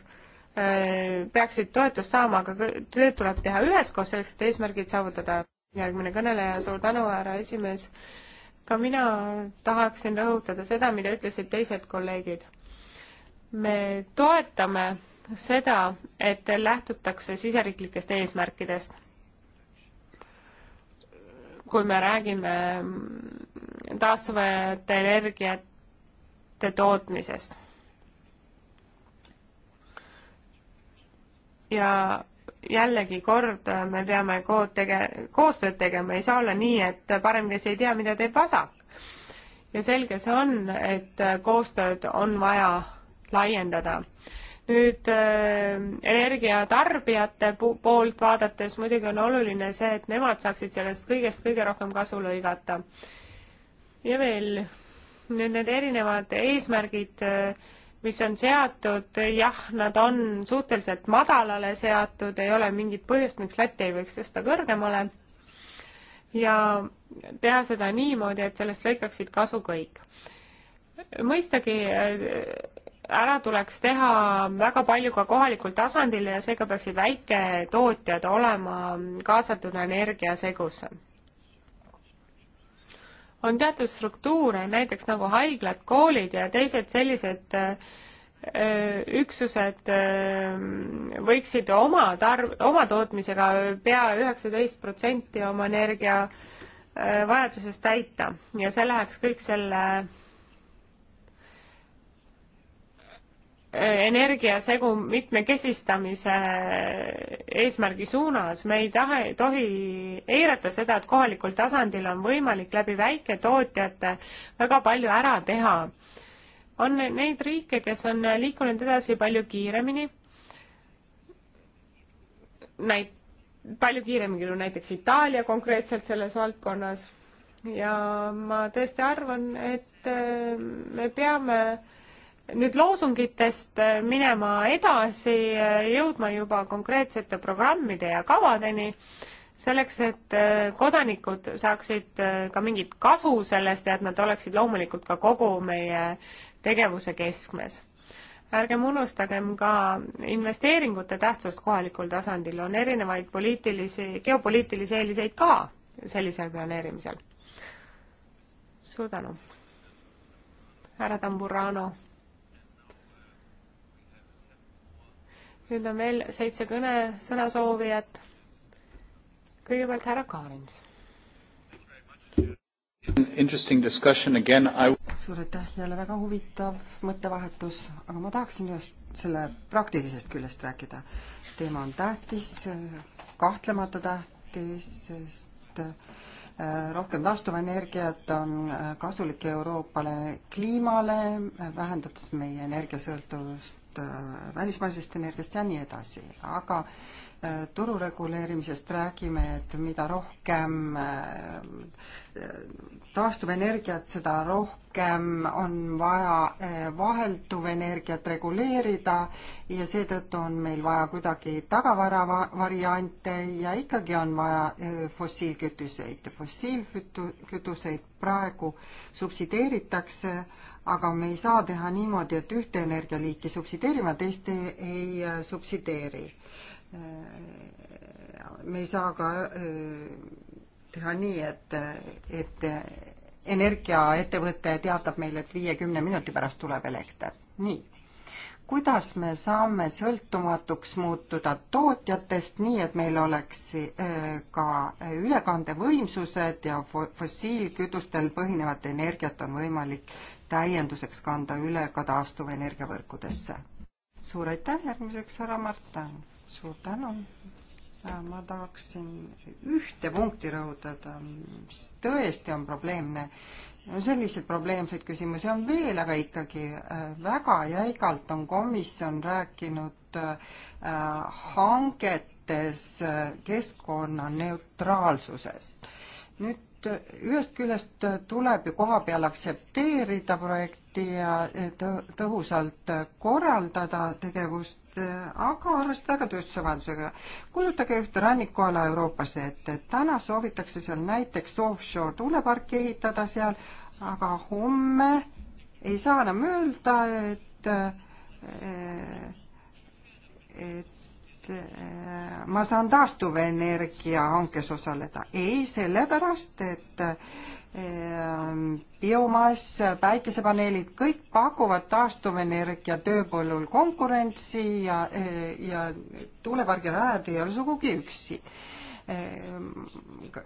äh, peaksid toetust saama, aga tööd tuleb teha üheskoos selleks, et eesmärgid saavutada järgmine kõneleja, suur tänu, härra esimees. ka mina tahaksin rõhutada seda, mida ütlesid teised kolleegid. me toetame seda, et lähtutakse siseriiklikest eesmärkidest. kui me räägime taastuvate energiate tootmisest. ja jällegi kord äh, me peame kood tege-, koostööd tegema, ei saa olla nii, et parem, kes ei tea, mida teeb vasak. ja selge see on, et äh, koostööd on vaja laiendada nüüd äh, energiatarbijate poolt vaadates muidugi on oluline see, et nemad saaksid sellest kõigest kõige rohkem kasu lõigata. ja veel nüüd need erinevad eesmärgid äh,, mis on seatud, jah, nad on suhteliselt madalale seatud, ei ole mingit põhjust, miks Läti ei võiks tõsta kõrgemale. ja teha seda niimoodi, et sellest lõikaksid kasu kõik. mõistagi äh, ära tuleks teha väga palju ka kohalikul tasandil ja seega peaksid väiketootjad olema kaasatud energiasegusse on teatud struktuure, näiteks nagu haiglad, koolid ja teised sellised äh, äh, üksused äh, võiksid oma tarv, oma tootmisega pea üheksateist protsenti oma energiavajadusest täita ja see läheks kõik selle energiasegu mitmekesistamise eesmärgi suunas, me ei tahe, tohi eirata seda, et kohalikul tasandil on võimalik läbi väiketootjate väga palju ära teha. on neid riike, kes on liikunud edasi palju kiiremini, näit-, palju kiiremini kui näiteks Itaalia konkreetselt selles valdkonnas ja ma tõesti arvan, et äh, me peame äh, nüüd loosungitest äh, minema edasi, äh, jõudma juba konkreetsete programmide ja kavadeni, selleks, et äh, kodanikud saaksid ka mingit kasu sellest ja et nad oleksid loomulikult ka kogu meie tegevuse keskmes. ärgem unustagem ka investeeringute tähtsust kohalikul tasandil, on erinevaid poliitilisi, geopoliitilisi eeliseid ka sellisel planeerimisel. suur tänu, härra Tamburano nüüd on veel seitse kõne sõnasoovijat. kõigepealt härra Kaarins. Interesting discussion again I.... suur aitäh, jälle väga huvitav mõttevahetus, aga ma tahaksin just selle praktilisest küljest rääkida. teema on tähtis, kahtlemata tähtis, sest äh, rohkem taastuvenergiat on äh, kasulik Euroopale kliimale, vähendades meie energiasõltuvust Äh, välismaisest energiast ja nii edasi, aga äh, turu reguleerimisest räägime, et mida rohkem äh, taastuvenergiat, seda rohkem on vaja vahelduvenergiat reguleerida ja seetõttu on meil vaja kuidagi tagavara variante ja ikkagi on vaja fossiilkütuseid. fossiilkütuseid praegu subsideeritakse, aga me ei saa teha niimoodi, et ühte energialiiki subsideerime, teist ei, ei äh, subsideeri. Äh, me ei saa ka äh, teha nii, et, et energiaettevõte teatab meile, et viiekümne minuti pärast tuleb elekter. nii kuidas me saame sõltumatuks muutuda tootjatest, nii et meil oleks ka ülekandevõimsused ja fossiilkütustel põhinevat energiat on võimalik täienduseks kanda üle ka taastuvenergia võrkudesse. suur aitäh, järgmiseks härra Martin. suur tänu. Äh, ma tahaksin ühte punkti rõhutada, mis tõesti on probleemne. no selliseid probleemseid küsimusi on veel, aga ikkagi äh, väga jäigalt on komisjon rääkinud äh, hangetes keskkonnaneutraalsusest. nüüd ühest küljest tuleb ju koha peal aktsepteerida projekti ja tõhusalt korraldada tegevust, aga arvestada ka tööstuse vajadusega. kujutage ühte rannikuala Euroopasse ette, täna soovitakse seal näiteks offshore tuuleparki ehitada seal, aga homme ei saa enam öelda, et eh, et et eh, ma saan taastuvenergia hankes osaleda. ei, sellepärast, et eh, biomass, päikesepaneelid, kõik pakuvad taastuvenergia tööpõllul konkurentsi ja, eh, ja tuulepargi rajad ei ole sugugi üksi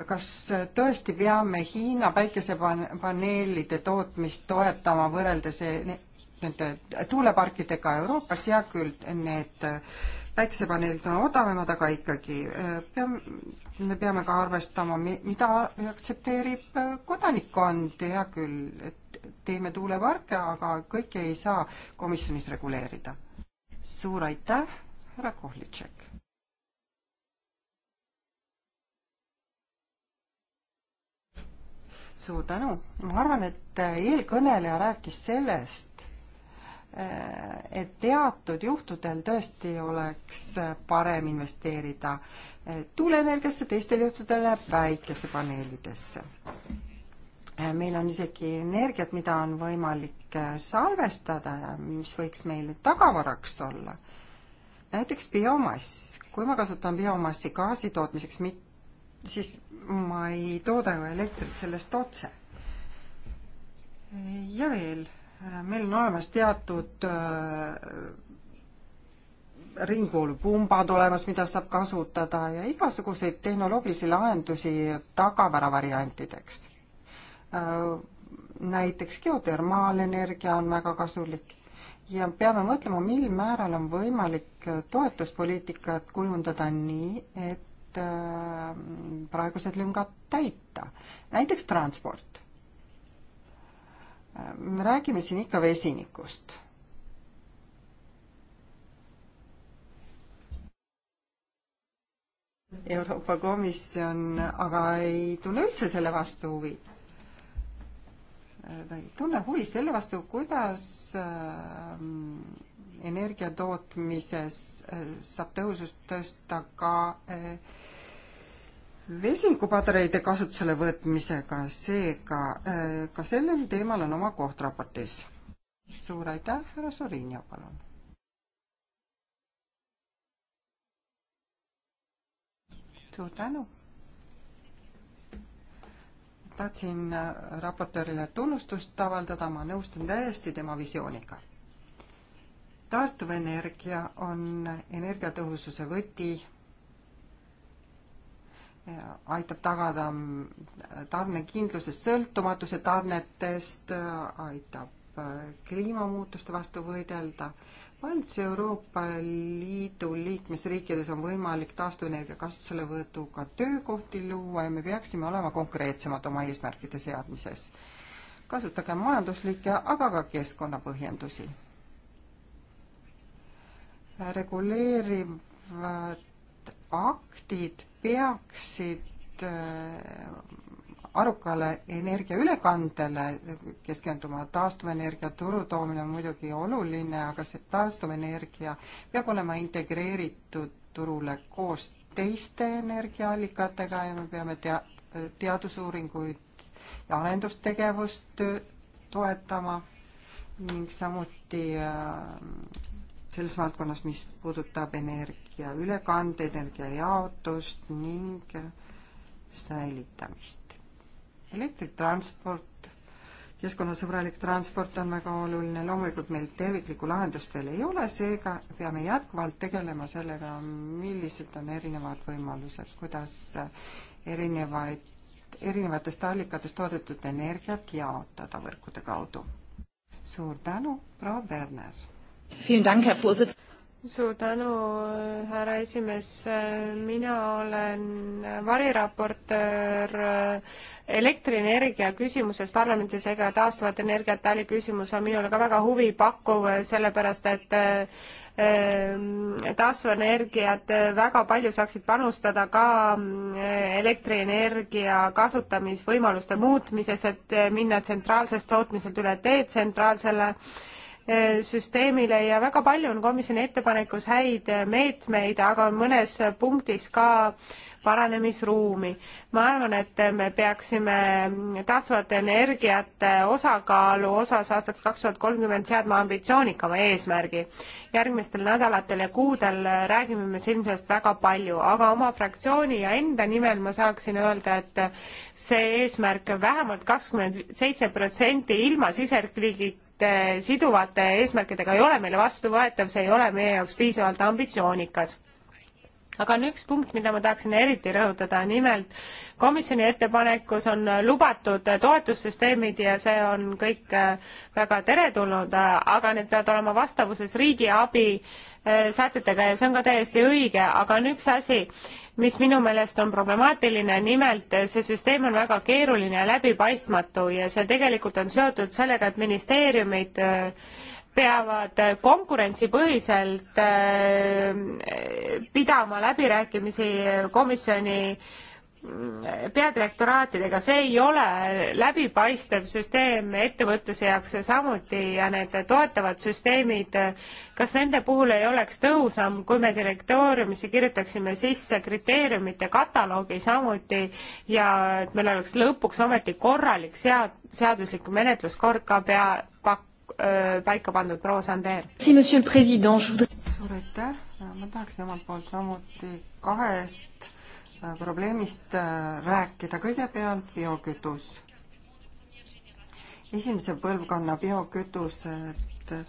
kas tõesti peame Hiina päikesepaneelide tootmist toetama võrreldes nende tuuleparkidega Euroopas, hea küll, need päikesepaneelid on odavamad, aga ikkagi äh, peame, me peame ka arvestama, mida aktsepteerib äh, kodanikkond, hea küll, et teeme tuuleparke, aga kõike ei saa komisjonis reguleerida. suur aitäh, härra Kohlitšek. suur tänu, ma arvan, et eelkõneleja rääkis sellest, Äh, et teatud juhtudel tõesti oleks parem investeerida äh, tuuleenergiasse, teistel juhtudel läheb päikesepaneelidesse. Äh, meil on isegi energiat, mida on võimalik salvestada ja mis võiks meile tagavaraks olla. näiteks biomass, kui ma kasutan biomassi gaasi tootmiseks, siis ma ei tooda ju elektrit sellest otse. ja veel Äh, meil on olemas teatud äh, ringvoolupumbad olemas, mida saab kasutada ja igasuguseid tehnoloogilisi lahendusi tagavara variantideks. Äh, näiteks geotermaalenergia on väga kasulik ja peame mõtlema, mil määral on võimalik toetuspoliitikat kujundada nii, et praegused lüngad täita. näiteks transport me räägime siin ikka vesinikust. Euroopa Komisjon aga ei tunne üldse selle vastu huvi. ta ei tunne huvi selle vastu, kuidas ähm, energia tootmises äh, saab tõhusust tõsta ka äh, vesinikupatareide kasutusele võtmisega, seega äh, ka sellel teemal on oma koht raportis. suur aitäh, härra Sorinio, palun. suur tänu. tahtsin äh, raportöörile tunnustust avaldada, ma nõustun täiesti tema visiooniga taastuvenergia on energiatõhususe võti aitab tagada tarnekindluse sõltumatuse tarnetest, aitab äh, kliimamuutuste vastu võidelda. paljudes Euroopa Liidu liikmesriikides on võimalik taastuvenergia kasutuselevõtuga töökohti luua ja me peaksime olema konkreetsemad oma eesmärkide seadmises. kasutage majanduslikke, aga ka keskkonnapõhjendusi. reguleerivad aktid peaksid äh, arukale energiaülekandele keskenduma, taastuvenergia turu toomine on muidugi oluline, aga see taastuvenergia peab olema integreeritud turule koos teiste energiaallikatega ja me peame tea-, teadusuuringuid ja arendustegevust toetama ning samuti äh, selles valdkonnas, mis puudutab energ-, energiaülekandeid, energiajaotust ning säilitamist. elektritransport, keskkonnasõbralik transport on väga oluline, loomulikult meil terviklikku lahendust veel ei ole, seega peame jätkuvalt tegelema sellega, millised on erinevad võimalused, kuidas erinevaid, erinevatest allikatest toodetud energiat jaotada võrkude kaudu. suur tänu, proua Werner! suur tänu, härra esimees, mina olen variraportöör elektrienergia küsimuses parlamendis ega taastuvat energiat tali küsimus on minule ka väga huvipakkuv, sellepärast et ehm, taastuvenergiat väga palju saaksid panustada ka ehm, elektrienergia kasutamisvõimaluste muutmises, et minna tsentraalsest tootmiselt üle detsentraalsele Äh, süsteemile ja väga palju on komisjoni ettepanekus häid meetmeid, aga mõnes punktis ka paranemisruumi. ma arvan, et me peaksime taastuvate energiate äh, osakaalu osas aastaks kaks tuhat kolmkümmend seadma ambitsioonikama eesmärgi. järgmistel nädalatel ja kuudel räägime me ilmselt väga palju, aga oma fraktsiooni ja enda nimel ma saaksin öelda, et see eesmärk vähemalt kakskümmend seitse protsenti ilma siseriiklikult Eh, siduvate eesmärkidega ei ole meile vastuvõetav, see ei ole meie jaoks piisavalt ambitsioonikas aga on üks punkt, mida ma tahaksin eriti rõhutada, nimelt komisjoni ettepanekus on lubatud toetussüsteemid ja see on kõik äh, väga teretulnud, äh, aga need peavad olema vastavuses riigiabi äh, sätetega ja see on ka täiesti õige, aga on üks asi, mis minu meelest on problemaatiline, nimelt see süsteem on väga keeruline ja läbipaistmatu ja see tegelikult on seotud sellega, et ministeeriumid peavad konkurentsipõhiselt äh, pidama läbirääkimisi komisjoni mm, peadirektoraatidega, see ei ole läbipaistev süsteem ettevõtluse jaoks ja samuti ja need toetavad süsteemid, kas nende puhul ei oleks tõhusam, kui me direktooriumisse kirjutaksime sisse kriteeriumite kataloogi samuti ja et meil oleks lõpuks ometi korralik sead-, seaduslik menetluskord ka pea, pak-, paika pandud, proua Sander. suur aitäh, ma tahaksin omalt poolt samuti kahest probleemist rääkida, kõigepealt biokütus. esimese põlvkonna biokütused,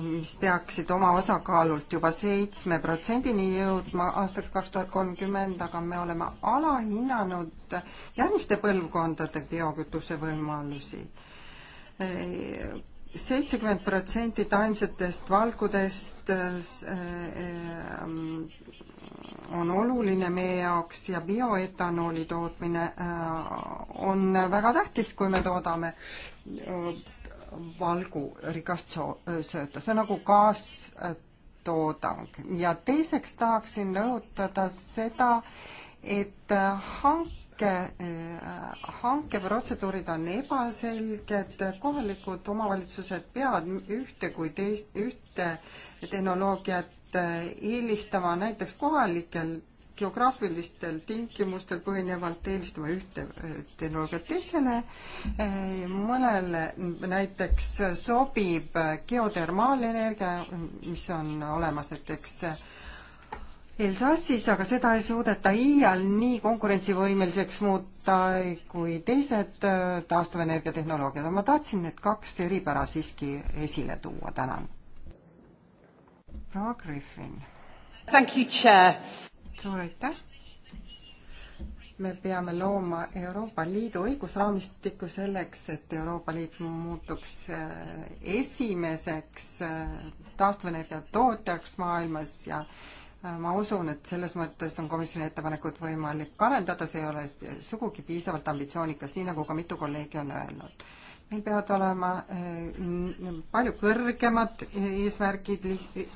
mis peaksid oma osakaalult juba seitsme protsendini jõudma aastaks kaks tuhat kolmkümmend, aga me oleme alahinnanud järgmiste põlvkondade biokütuse võimalusi seitsekümmend protsenti taimsetest valgudest äh, äh, on oluline meie jaoks ja bioetanooli tootmine äh, on väga tähtis, kui me toodame valgurikast sööta, see on nagu kaastoodang ja teiseks tahaksin rõhutada seda, et hank hanke, äh, hankeprotseduurid on ebaselged, kohalikud omavalitsused peavad ühte kui teist, ühte tehnoloogiat äh, eelistama, näiteks kohalikel geograafilistel tingimustel põhinevalt eelistama ühte äh, tehnoloogiat teisele, mõnele näiteks sobib geotermaalenergia, mis on olemas näiteks Elsassis, aga seda ei suudeta iial nii konkurentsivõimeliseks muuta kui teised äh, taastuvenergia tehnoloogiad. ma tahtsin need kaks eripära siiski esile tuua, tänan. proua Griffin. suur aitäh. me peame looma Euroopa Liidu õigusraamistiku selleks, et Euroopa Liit muutuks äh, esimeseks äh, taastuvenergia tootjaks maailmas ja Äh, ma usun, et selles mõttes on komisjoni ettepanekut võimalik arendada, see ei ole sugugi piisavalt ambitsioonikas, nii nagu ka mitu kolleegi on öelnud. meil peavad olema äh, palju kõrgemad eesmärgid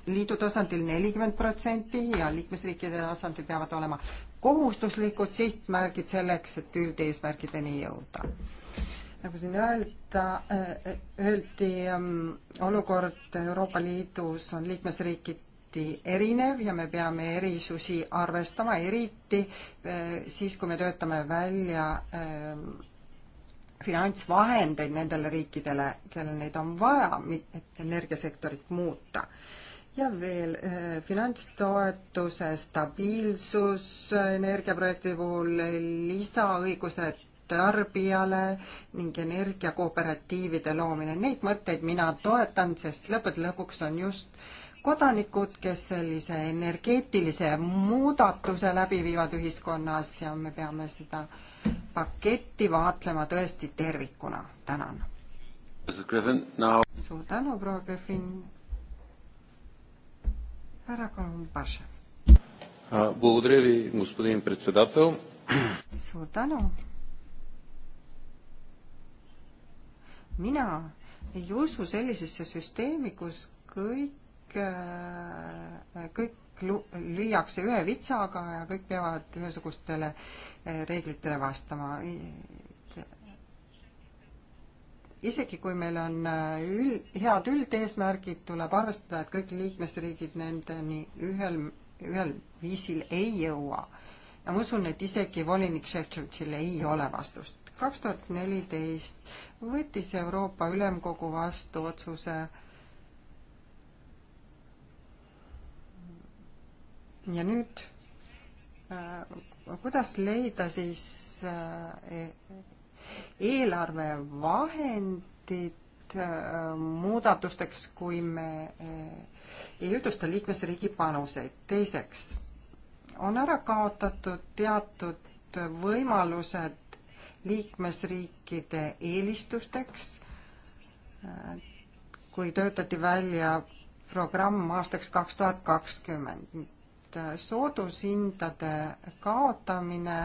liidu tasandil nelikümmend protsenti ja liikmesriikide tasandil peavad olema kohustuslikud sihtmärgid selleks, et üldeesmärgideni jõuda nagu siin öelda, äh, öeldi, ähm, olukord Euroopa Liidus on liikmesriigid igati erinev ja me peame erisusi arvestama, eriti eh, siis, kui me töötame välja eh, finantsvahendeid nendele riikidele, kellel neid on vaja, et energiasektorit muuta. ja veel eh, finantstoetuse stabiilsus energiaprojektide puhul, lisaõigused tarbijale ning energiakooperatiivide loomine. Neid mõtteid mina toetan, sest lõppude lõpuks on just äh, kodanikud, kes sellise energeetilise muudatuse läbi viivad ühiskonnas ja me peame seda paketti vaatlema tõesti tervikuna. tänan. suur tänu, proua Griffin. härra Kolumbašev. Благодаря ви, господин председател. Suur tänu. Mina ei usu sellisesse süsteemi, kus kõik kõik äh, lüüakse ühe vitsaga ja kõik peavad ühesugustele äh, reeglitele vastama. isegi kui meil on äh, üld, head üldeesmärgid, tuleb arvestada, et kõik liikmesriigid nendeni ühel, ühel viisil ei jõua. ja ma usun, et isegi volinik Šeftšovitšil ei ole vastust. kaks tuhat neliteist võttis Euroopa Ülemkogu vastu otsuse äh, ja nüüd äh, kuidas leida siis äh, e-, eelarvevahendid äh, muudatusteks, kui me ei ühtlusta liikmesriigi panuseid. teiseks, on ära kaotatud teatud võimalused liikmesriikide eelistusteks, kui töötati välja programm aastaks kaks tuhat kakskümmend et soodushindade kaotamine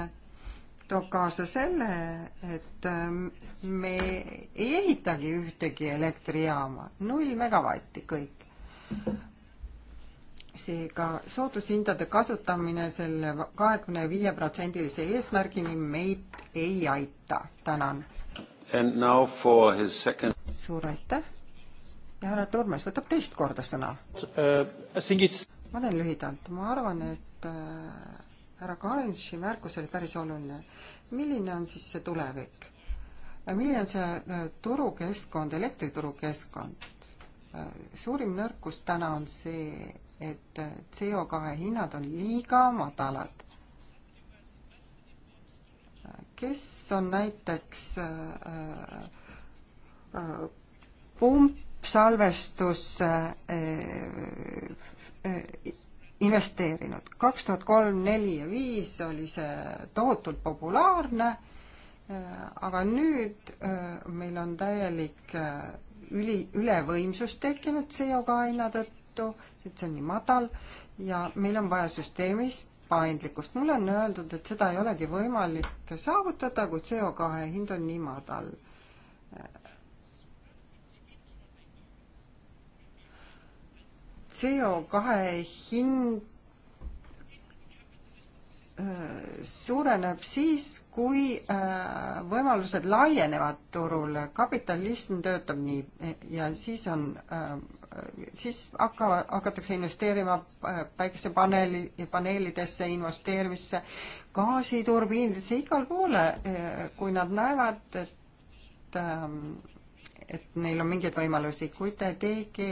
toob kaasa selle, et mm, me ei ehitagi ühtegi elektrijaama, null megavatti kõik. seega soodushindade kasutamine selle kahekümne viie protsendilise eesmärgini meid ei aita, tänan. Second... suur aitäh ja härra Turmes võtab teist korda sõna uh, ma teen lühidalt, ma arvan, et äh, härra Karinši märkus oli päris oluline. milline on siis see tulevik? Äh, milline on see äh, turukeskkond, elektriturukeskkond? suurim nõrkus täna on see, et CO2 hinnad on liiga madalad. kes on näiteks pumpsalvestusse Eh, investeerinud. kaks tuhat kolm, neli ja viis oli see tohutult populaarne, eh, aga nüüd eh, meil on täielik üli, ülevõimsus tekkinud CO2 hinna tõttu, et see on nii madal ja meil on vaja süsteemis paindlikkust. mulle on öeldud, et seda ei olegi võimalik saavutada, kui CO2 hind on nii madal CO kahe hind äh, suureneb siis, kui äh, võimalused laienevad turule, kapitalism töötab nii eh, ja siis on, äh, siis hakkavad, hakatakse investeerima päikesepaneeli, paneelidesse, investeerimisse, gaasiturbiinidesse, igale poole, kui nad näevad, et ähm, et neil on mingeid võimalusi, kui te TG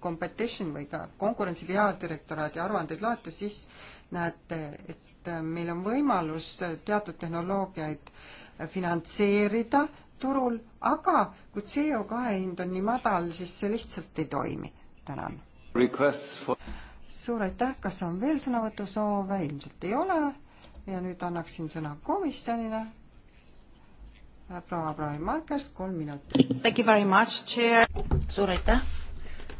competition või ka konkurentsi peadirektoraadi aruandeid loete, siis näete, et äh, meil on võimalus teatud tehnoloogiaid äh, finantseerida turul, aga kui CO2 hind on nii madal, siis see lihtsalt ei toimi. tänan. For... suur aitäh, kas on veel sõnavõtusoove, ilmselt ei ole ja nüüd annaksin sõna komisjonile äh, proua Abraham Markers, kolm minutit. Thank you very much, chair. suur aitäh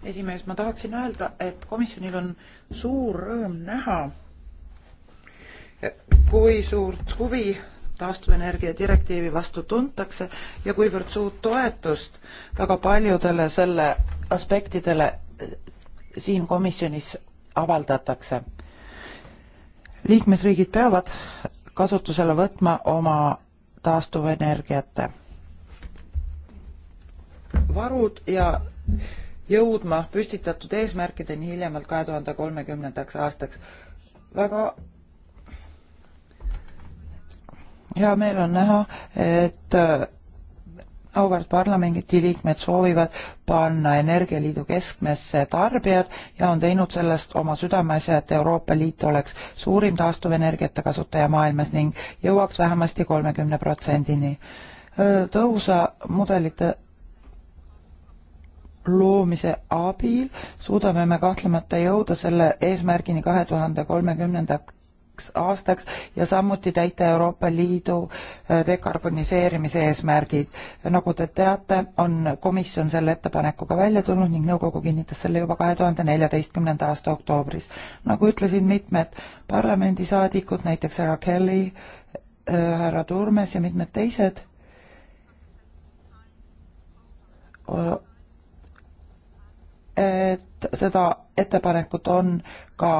esimees, ma tahaksin öelda, et komisjonil on suur rõõm näha, kui suurt huvi taastuvenergia direktiivi vastu tuntakse ja kuivõrd suurt toetust väga paljudele selle aspektidele eh, siin komisjonis avaldatakse. liikmesriigid peavad kasutusele võtma oma taastuvenergiate varud ja jõudma püstitatud eesmärkideni hiljemalt kahe tuhande kolmekümnendaks aastaks. väga hea meel on näha, et äh, auväärt parlamendi liikmed soovivad panna Energialiidu keskmesse tarbijad ja on teinud sellest oma südameasja, et Euroopa Liit oleks suurim taastuvenergiate kasutaja maailmas ning jõuaks vähemasti kolmekümne protsendini. Äh, tõhusa mudelite loomise abil suudame me kahtlemata jõuda selle eesmärgini kahe tuhande kolmekümnendaks aastaks ja samuti täita Euroopa Liidu äh, dekarboniseerimise eesmärgid. nagu te teate, on komisjon selle ettepanekuga välja tulnud ning nõukogu kinnitas selle juba kahe tuhande neljateistkümnenda aasta oktoobris. nagu ütlesin, mitmed parlamendisaadikud, näiteks härra Kelly, äh, härra Turmes ja mitmed teised et seda ettepanekut on ka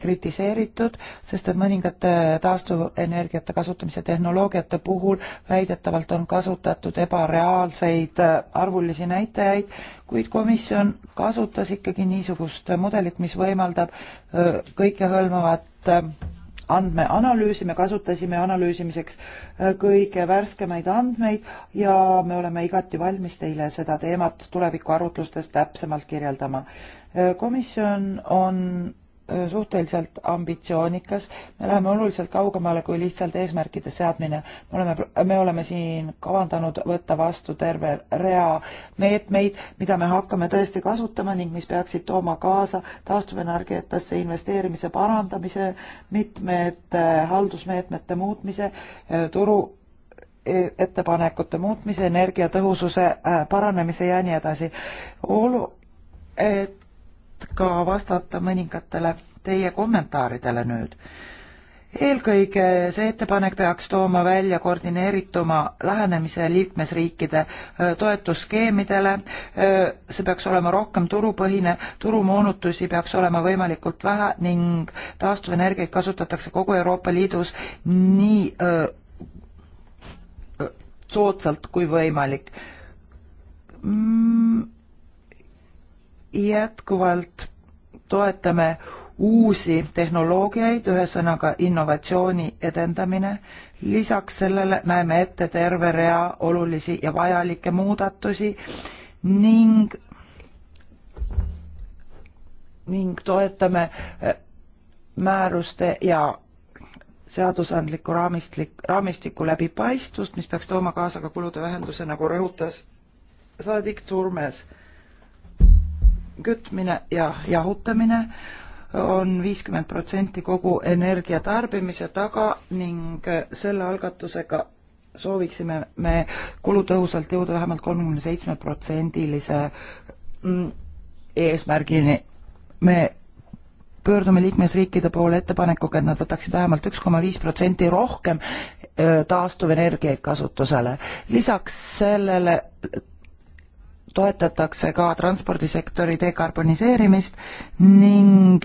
kritiseeritud, sest et mõningate taastuvenergiate kasutamise tehnoloogiate puhul väidetavalt on kasutatud ebareaalseid arvulisi näitajaid, kuid komisjon kasutas ikkagi niisugust mudelit, mis võimaldab kõikehõlmavat andmeanalüüsi, me kasutasime analüüsimiseks äh, kõige värskemaid andmeid ja me oleme igati valmis teile seda teemat tulevikuarutlustes täpsemalt kirjeldama. Äh, komisjon on suhteliselt ambitsioonikas, me läheme oluliselt kaugemale kui lihtsalt eesmärkide seadmine. me oleme, me oleme siin kavandanud võtta vastu terve rea meetmeid, mida me hakkame tõesti kasutama ning mis peaksid tooma kaasa taastuvenergiatasse investeerimise parandamise, mitmed haldusmeetmete muutmise, turu e-, ettepanekute muutmise, energiatõhususe äh, paranemise ja nii edasi. olu, et et ka vastata mõningatele teie kommentaaridele nüüd. eelkõige see ettepanek peaks tooma välja koordineerituma lähenemise liikmesriikide äh, toetusskeemidele, äh, see peaks olema rohkem turupõhine, turumoonutusi peaks olema võimalikult vähe ning taastuvenergiaid kasutatakse kogu Euroopa Liidus nii öö, äh, soodsalt kui võimalik mm jätkuvalt toetame uusi tehnoloogiaid, ühesõnaga innovatsiooni edendamine. lisaks sellele näeme ette terve rea olulisi ja vajalikke muudatusi ning, ning toetame äh, määruste ja seadusandliku raamistik, raamistiku läbipaistvust, mis peaks tooma kaasa ka kulude vähenduse, nagu rõhutas saadik Turmes kütmine ja jahutamine on viiskümmend protsenti kogu energia tarbimise taga ning äh, selle algatusega sooviksime me kulutõhusalt jõuda vähemalt kolmekümne seitsme protsendilise mm, eesmärgini. me pöördume liikmesriikide poole ettepanekuga, et nad võtaksid vähemalt üks koma viis protsenti rohkem äh, taastuvenergiaid kasutusele. lisaks sellele toetatakse ka transpordisektori dekarboniseerimist ning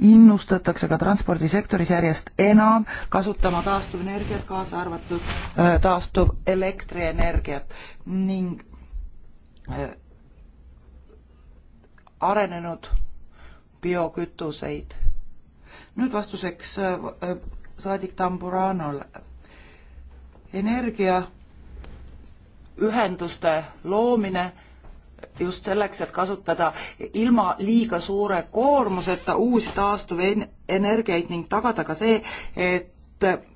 innustatakse ka transpordisektoris järjest enam kasutama taastuvenergiat, kaasa arvatud äh, taastuvelektrienergiat ning äh, arenenud biokütuseid. nüüd vastuseks äh, saadik Tamburanole. energia ühenduste loomine just selleks, et kasutada ilma liiga suure koormuseta uusi taastuvenergiaid ning tagada ka see, et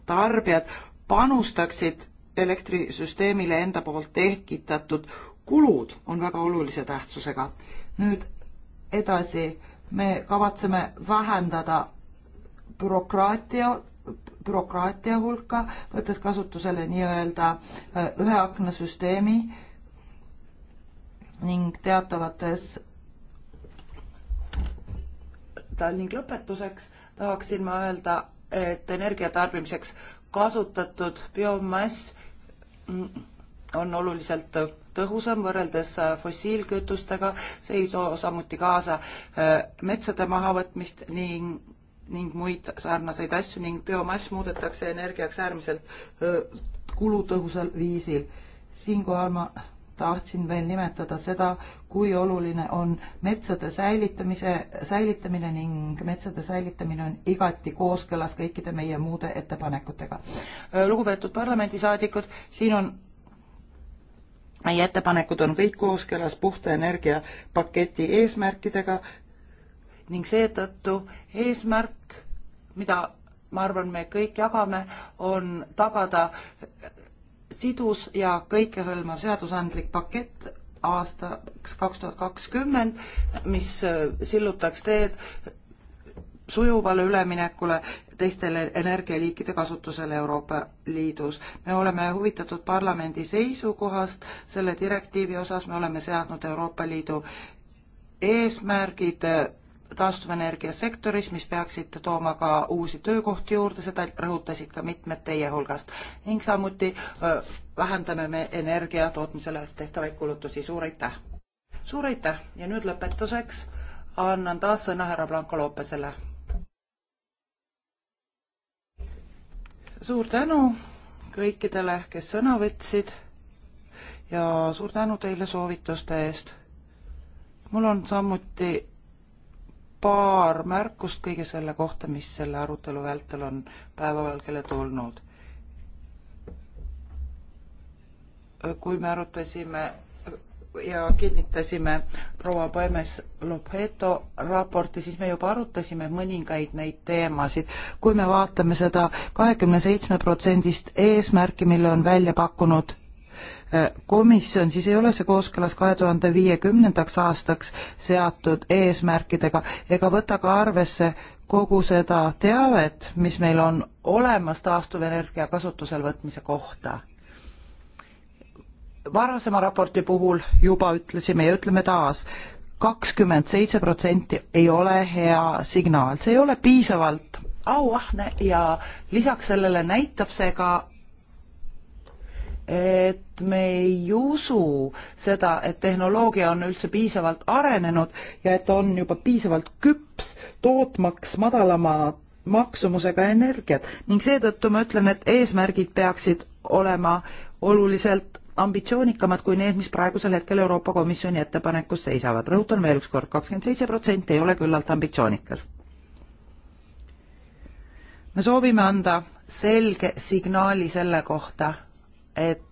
tarbijad panustaksid elektrisüsteemile enda poolt tekitatud kulud on väga olulise tähtsusega. nüüd edasi, me kavatseme vähendada bürokraatia bürokraatia hulka, võttes kasutusele nii-öelda äh, ühe akna süsteemi ning teatavates ning lõpetuseks tahaksin ma öelda, et energia tarbimiseks kasutatud biomass on oluliselt tõhusam võrreldes äh, fossiilkütustega, see ei too samuti kaasa äh, metsade mahavõtmist ning ning muid sarnaseid asju ning biomass muudetakse energiaks äärmiselt kulutõhusal viisil. siinkohal ma tahtsin veel nimetada seda, kui oluline on metsade säilitamise, säilitamine ning metsade säilitamine on igati kooskõlas kõikide meie muude ettepanekutega. lugupeetud parlamendisaadikud, siin on meie ettepanekud on kõik kooskõlas puhta energia paketi eesmärkidega ning seetõttu eesmärk, mida ma arvan, me kõik jagame, on tagada sidus ja kõikehõlmav seadusandlik pakett aastaks kaks tuhat kakskümmend, mis äh, sillutaks teed sujuvale üleminekule teistele energialiikide kasutusele Euroopa Liidus. me oleme huvitatud parlamendi seisukohast selle direktiivi osas, me oleme seadnud Euroopa Liidu eesmärgid äh, taastuvenergia sektoris, mis peaksid tooma ka uusi töökohti juurde, seda rõhutasid ka mitmed teie hulgast. ning samuti vähendame me energia tootmisele tehtavaid kulutusi, suur aitäh! suur aitäh ja nüüd lõpetuseks annan taas sõna härra Blanco Lopesele. suur tänu kõikidele, kes sõna võtsid ja suur tänu teile soovituste eest. mul on samuti paar märkust kõige selle kohta, mis selle arutelu vältel on päevavalgele tulnud. kui me arutasime ja kinnitasime proua Põemes Lopeto raporti, siis me juba arutasime mõningaid neid teemasid. kui me vaatame seda kahekümne seitsme protsendist eesmärki, mille on välja pakkunud Äh, komisjon, siis ei ole see kooskõlas kahe tuhande viiekümnendaks aastaks seatud eesmärkidega ega võta ka arvesse kogu seda teavet, mis meil on olemas taastuvenergia kasutusele võtmise kohta. varasema raporti puhul juba ütlesime ja ütleme taas, kakskümmend seitse protsenti ei ole hea signaal, see ei ole piisavalt auahne ja lisaks sellele näitab see ka et me ei usu seda, et tehnoloogia on üldse piisavalt arenenud ja et on juba piisavalt küps tootmaks madalama maksumusega energiat ning seetõttu ma ütlen, et eesmärgid peaksid olema oluliselt ambitsioonikamad kui need, mis praegusel hetkel Euroopa Komisjoni ettepanekus seisavad. rõhutan veel ükskord, kakskümmend seitse protsenti ei ole küllalt ambitsioonikas. me soovime anda selge signaali selle kohta, et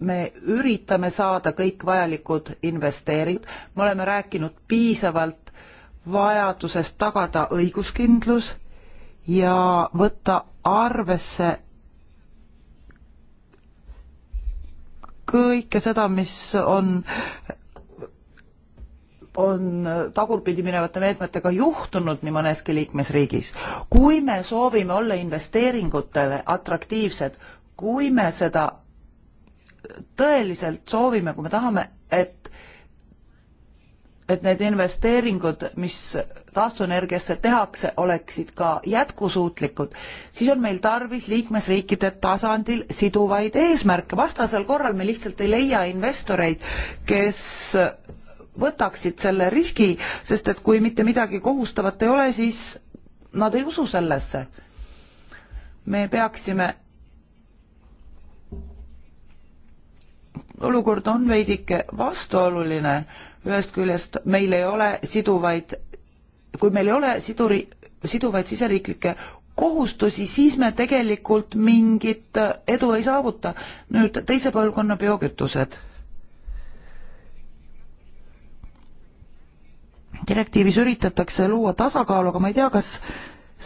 me üritame saada kõik vajalikud investeeringud, me oleme rääkinud piisavalt vajadusest tagada õiguskindlus ja võtta arvesse kõike seda, mis on, on tagurpidi minevate meetmetega juhtunud nii mõneski liikmesriigis. kui me soovime olla investeeringutele atraktiivsed, kui me seda tõeliselt soovime, kui me tahame, et et need investeeringud, mis taastuvenergiasse tehakse, oleksid ka jätkusuutlikud, siis on meil tarvis liikmesriikide tasandil siduvaid eesmärke, vastasel korral me lihtsalt ei leia investoreid, kes võtaksid selle riski, sest et kui mitte midagi kohustavat ei ole, siis nad ei usu sellesse. me peaksime olukord on veidike vastuoluline, ühest küljest meil ei ole siduvaid, kui meil ei ole siduri, siduvaid siseriiklikke kohustusi, siis me tegelikult mingit edu ei saavuta. nüüd teise põlvkonna biokütused. direktiivis üritatakse luua tasakaalu, aga ma ei tea, kas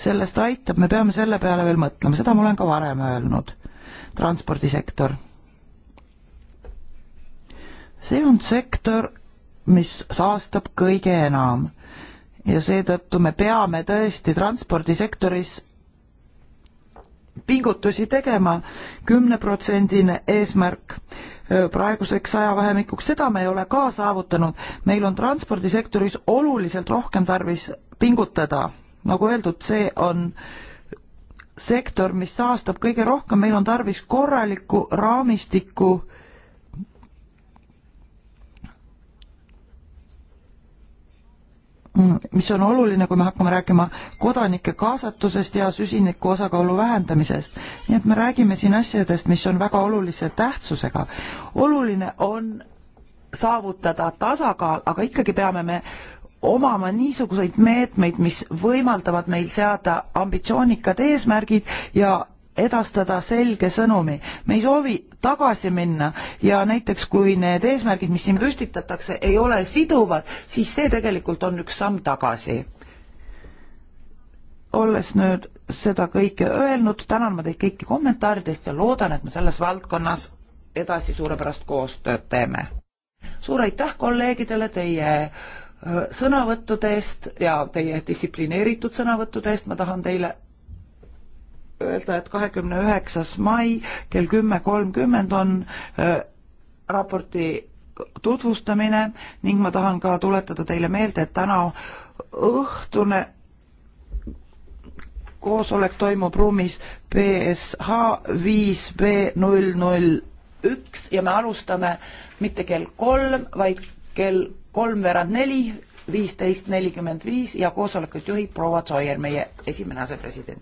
sellest aitab, me peame selle peale veel mõtlema, seda ma olen ka varem öelnud. transpordisektor see on sektor, mis saastab kõige enam ja seetõttu me peame tõesti transpordisektoris pingutusi tegema, kümneprotsendine eesmärk äh, praeguseks ajavahemikuks, seda me ei ole ka saavutanud, meil on transpordisektoris oluliselt rohkem tarvis pingutada, nagu öeldud, see on sektor, mis saastab kõige rohkem, meil on tarvis korralikku raamistikku Mm, mis on oluline, kui me hakkame rääkima kodanike kaasatusest ja süsiniku osakaalu vähendamisest. nii et me räägime siin asjadest, mis on väga olulise tähtsusega. oluline on saavutada tasakaal, aga ikkagi peame me omama niisuguseid meetmeid, mis võimaldavad meil seada ambitsioonikad eesmärgid ja edastada selge sõnumi. me ei soovi tagasi minna ja näiteks kui need eesmärgid, mis siin püstitatakse, ei ole siduvad, siis see tegelikult on üks samm tagasi. olles nüüd seda kõike öelnud, tänan ma teid kõiki kommentaaridest ja loodan, et me selles valdkonnas edasi suurepärast koostööd teeme. suur aitäh kolleegidele teie äh, sõnavõttude eest ja teie distsiplineeritud sõnavõttude eest, ma tahan teile öelda, et kahekümne üheksas mai kell kümme kolmkümmend on äh, raporti tutvustamine ning ma tahan ka tuletada teile meelde, et täna õhtune koosolek toimub ruumis BSH viis B null null üks ja me alustame mitte kell kolm, vaid kell kolmveerand neli, viisteist nelikümmend viis ja koosolekut juhib proua Zoyer, meie esimene asepresident.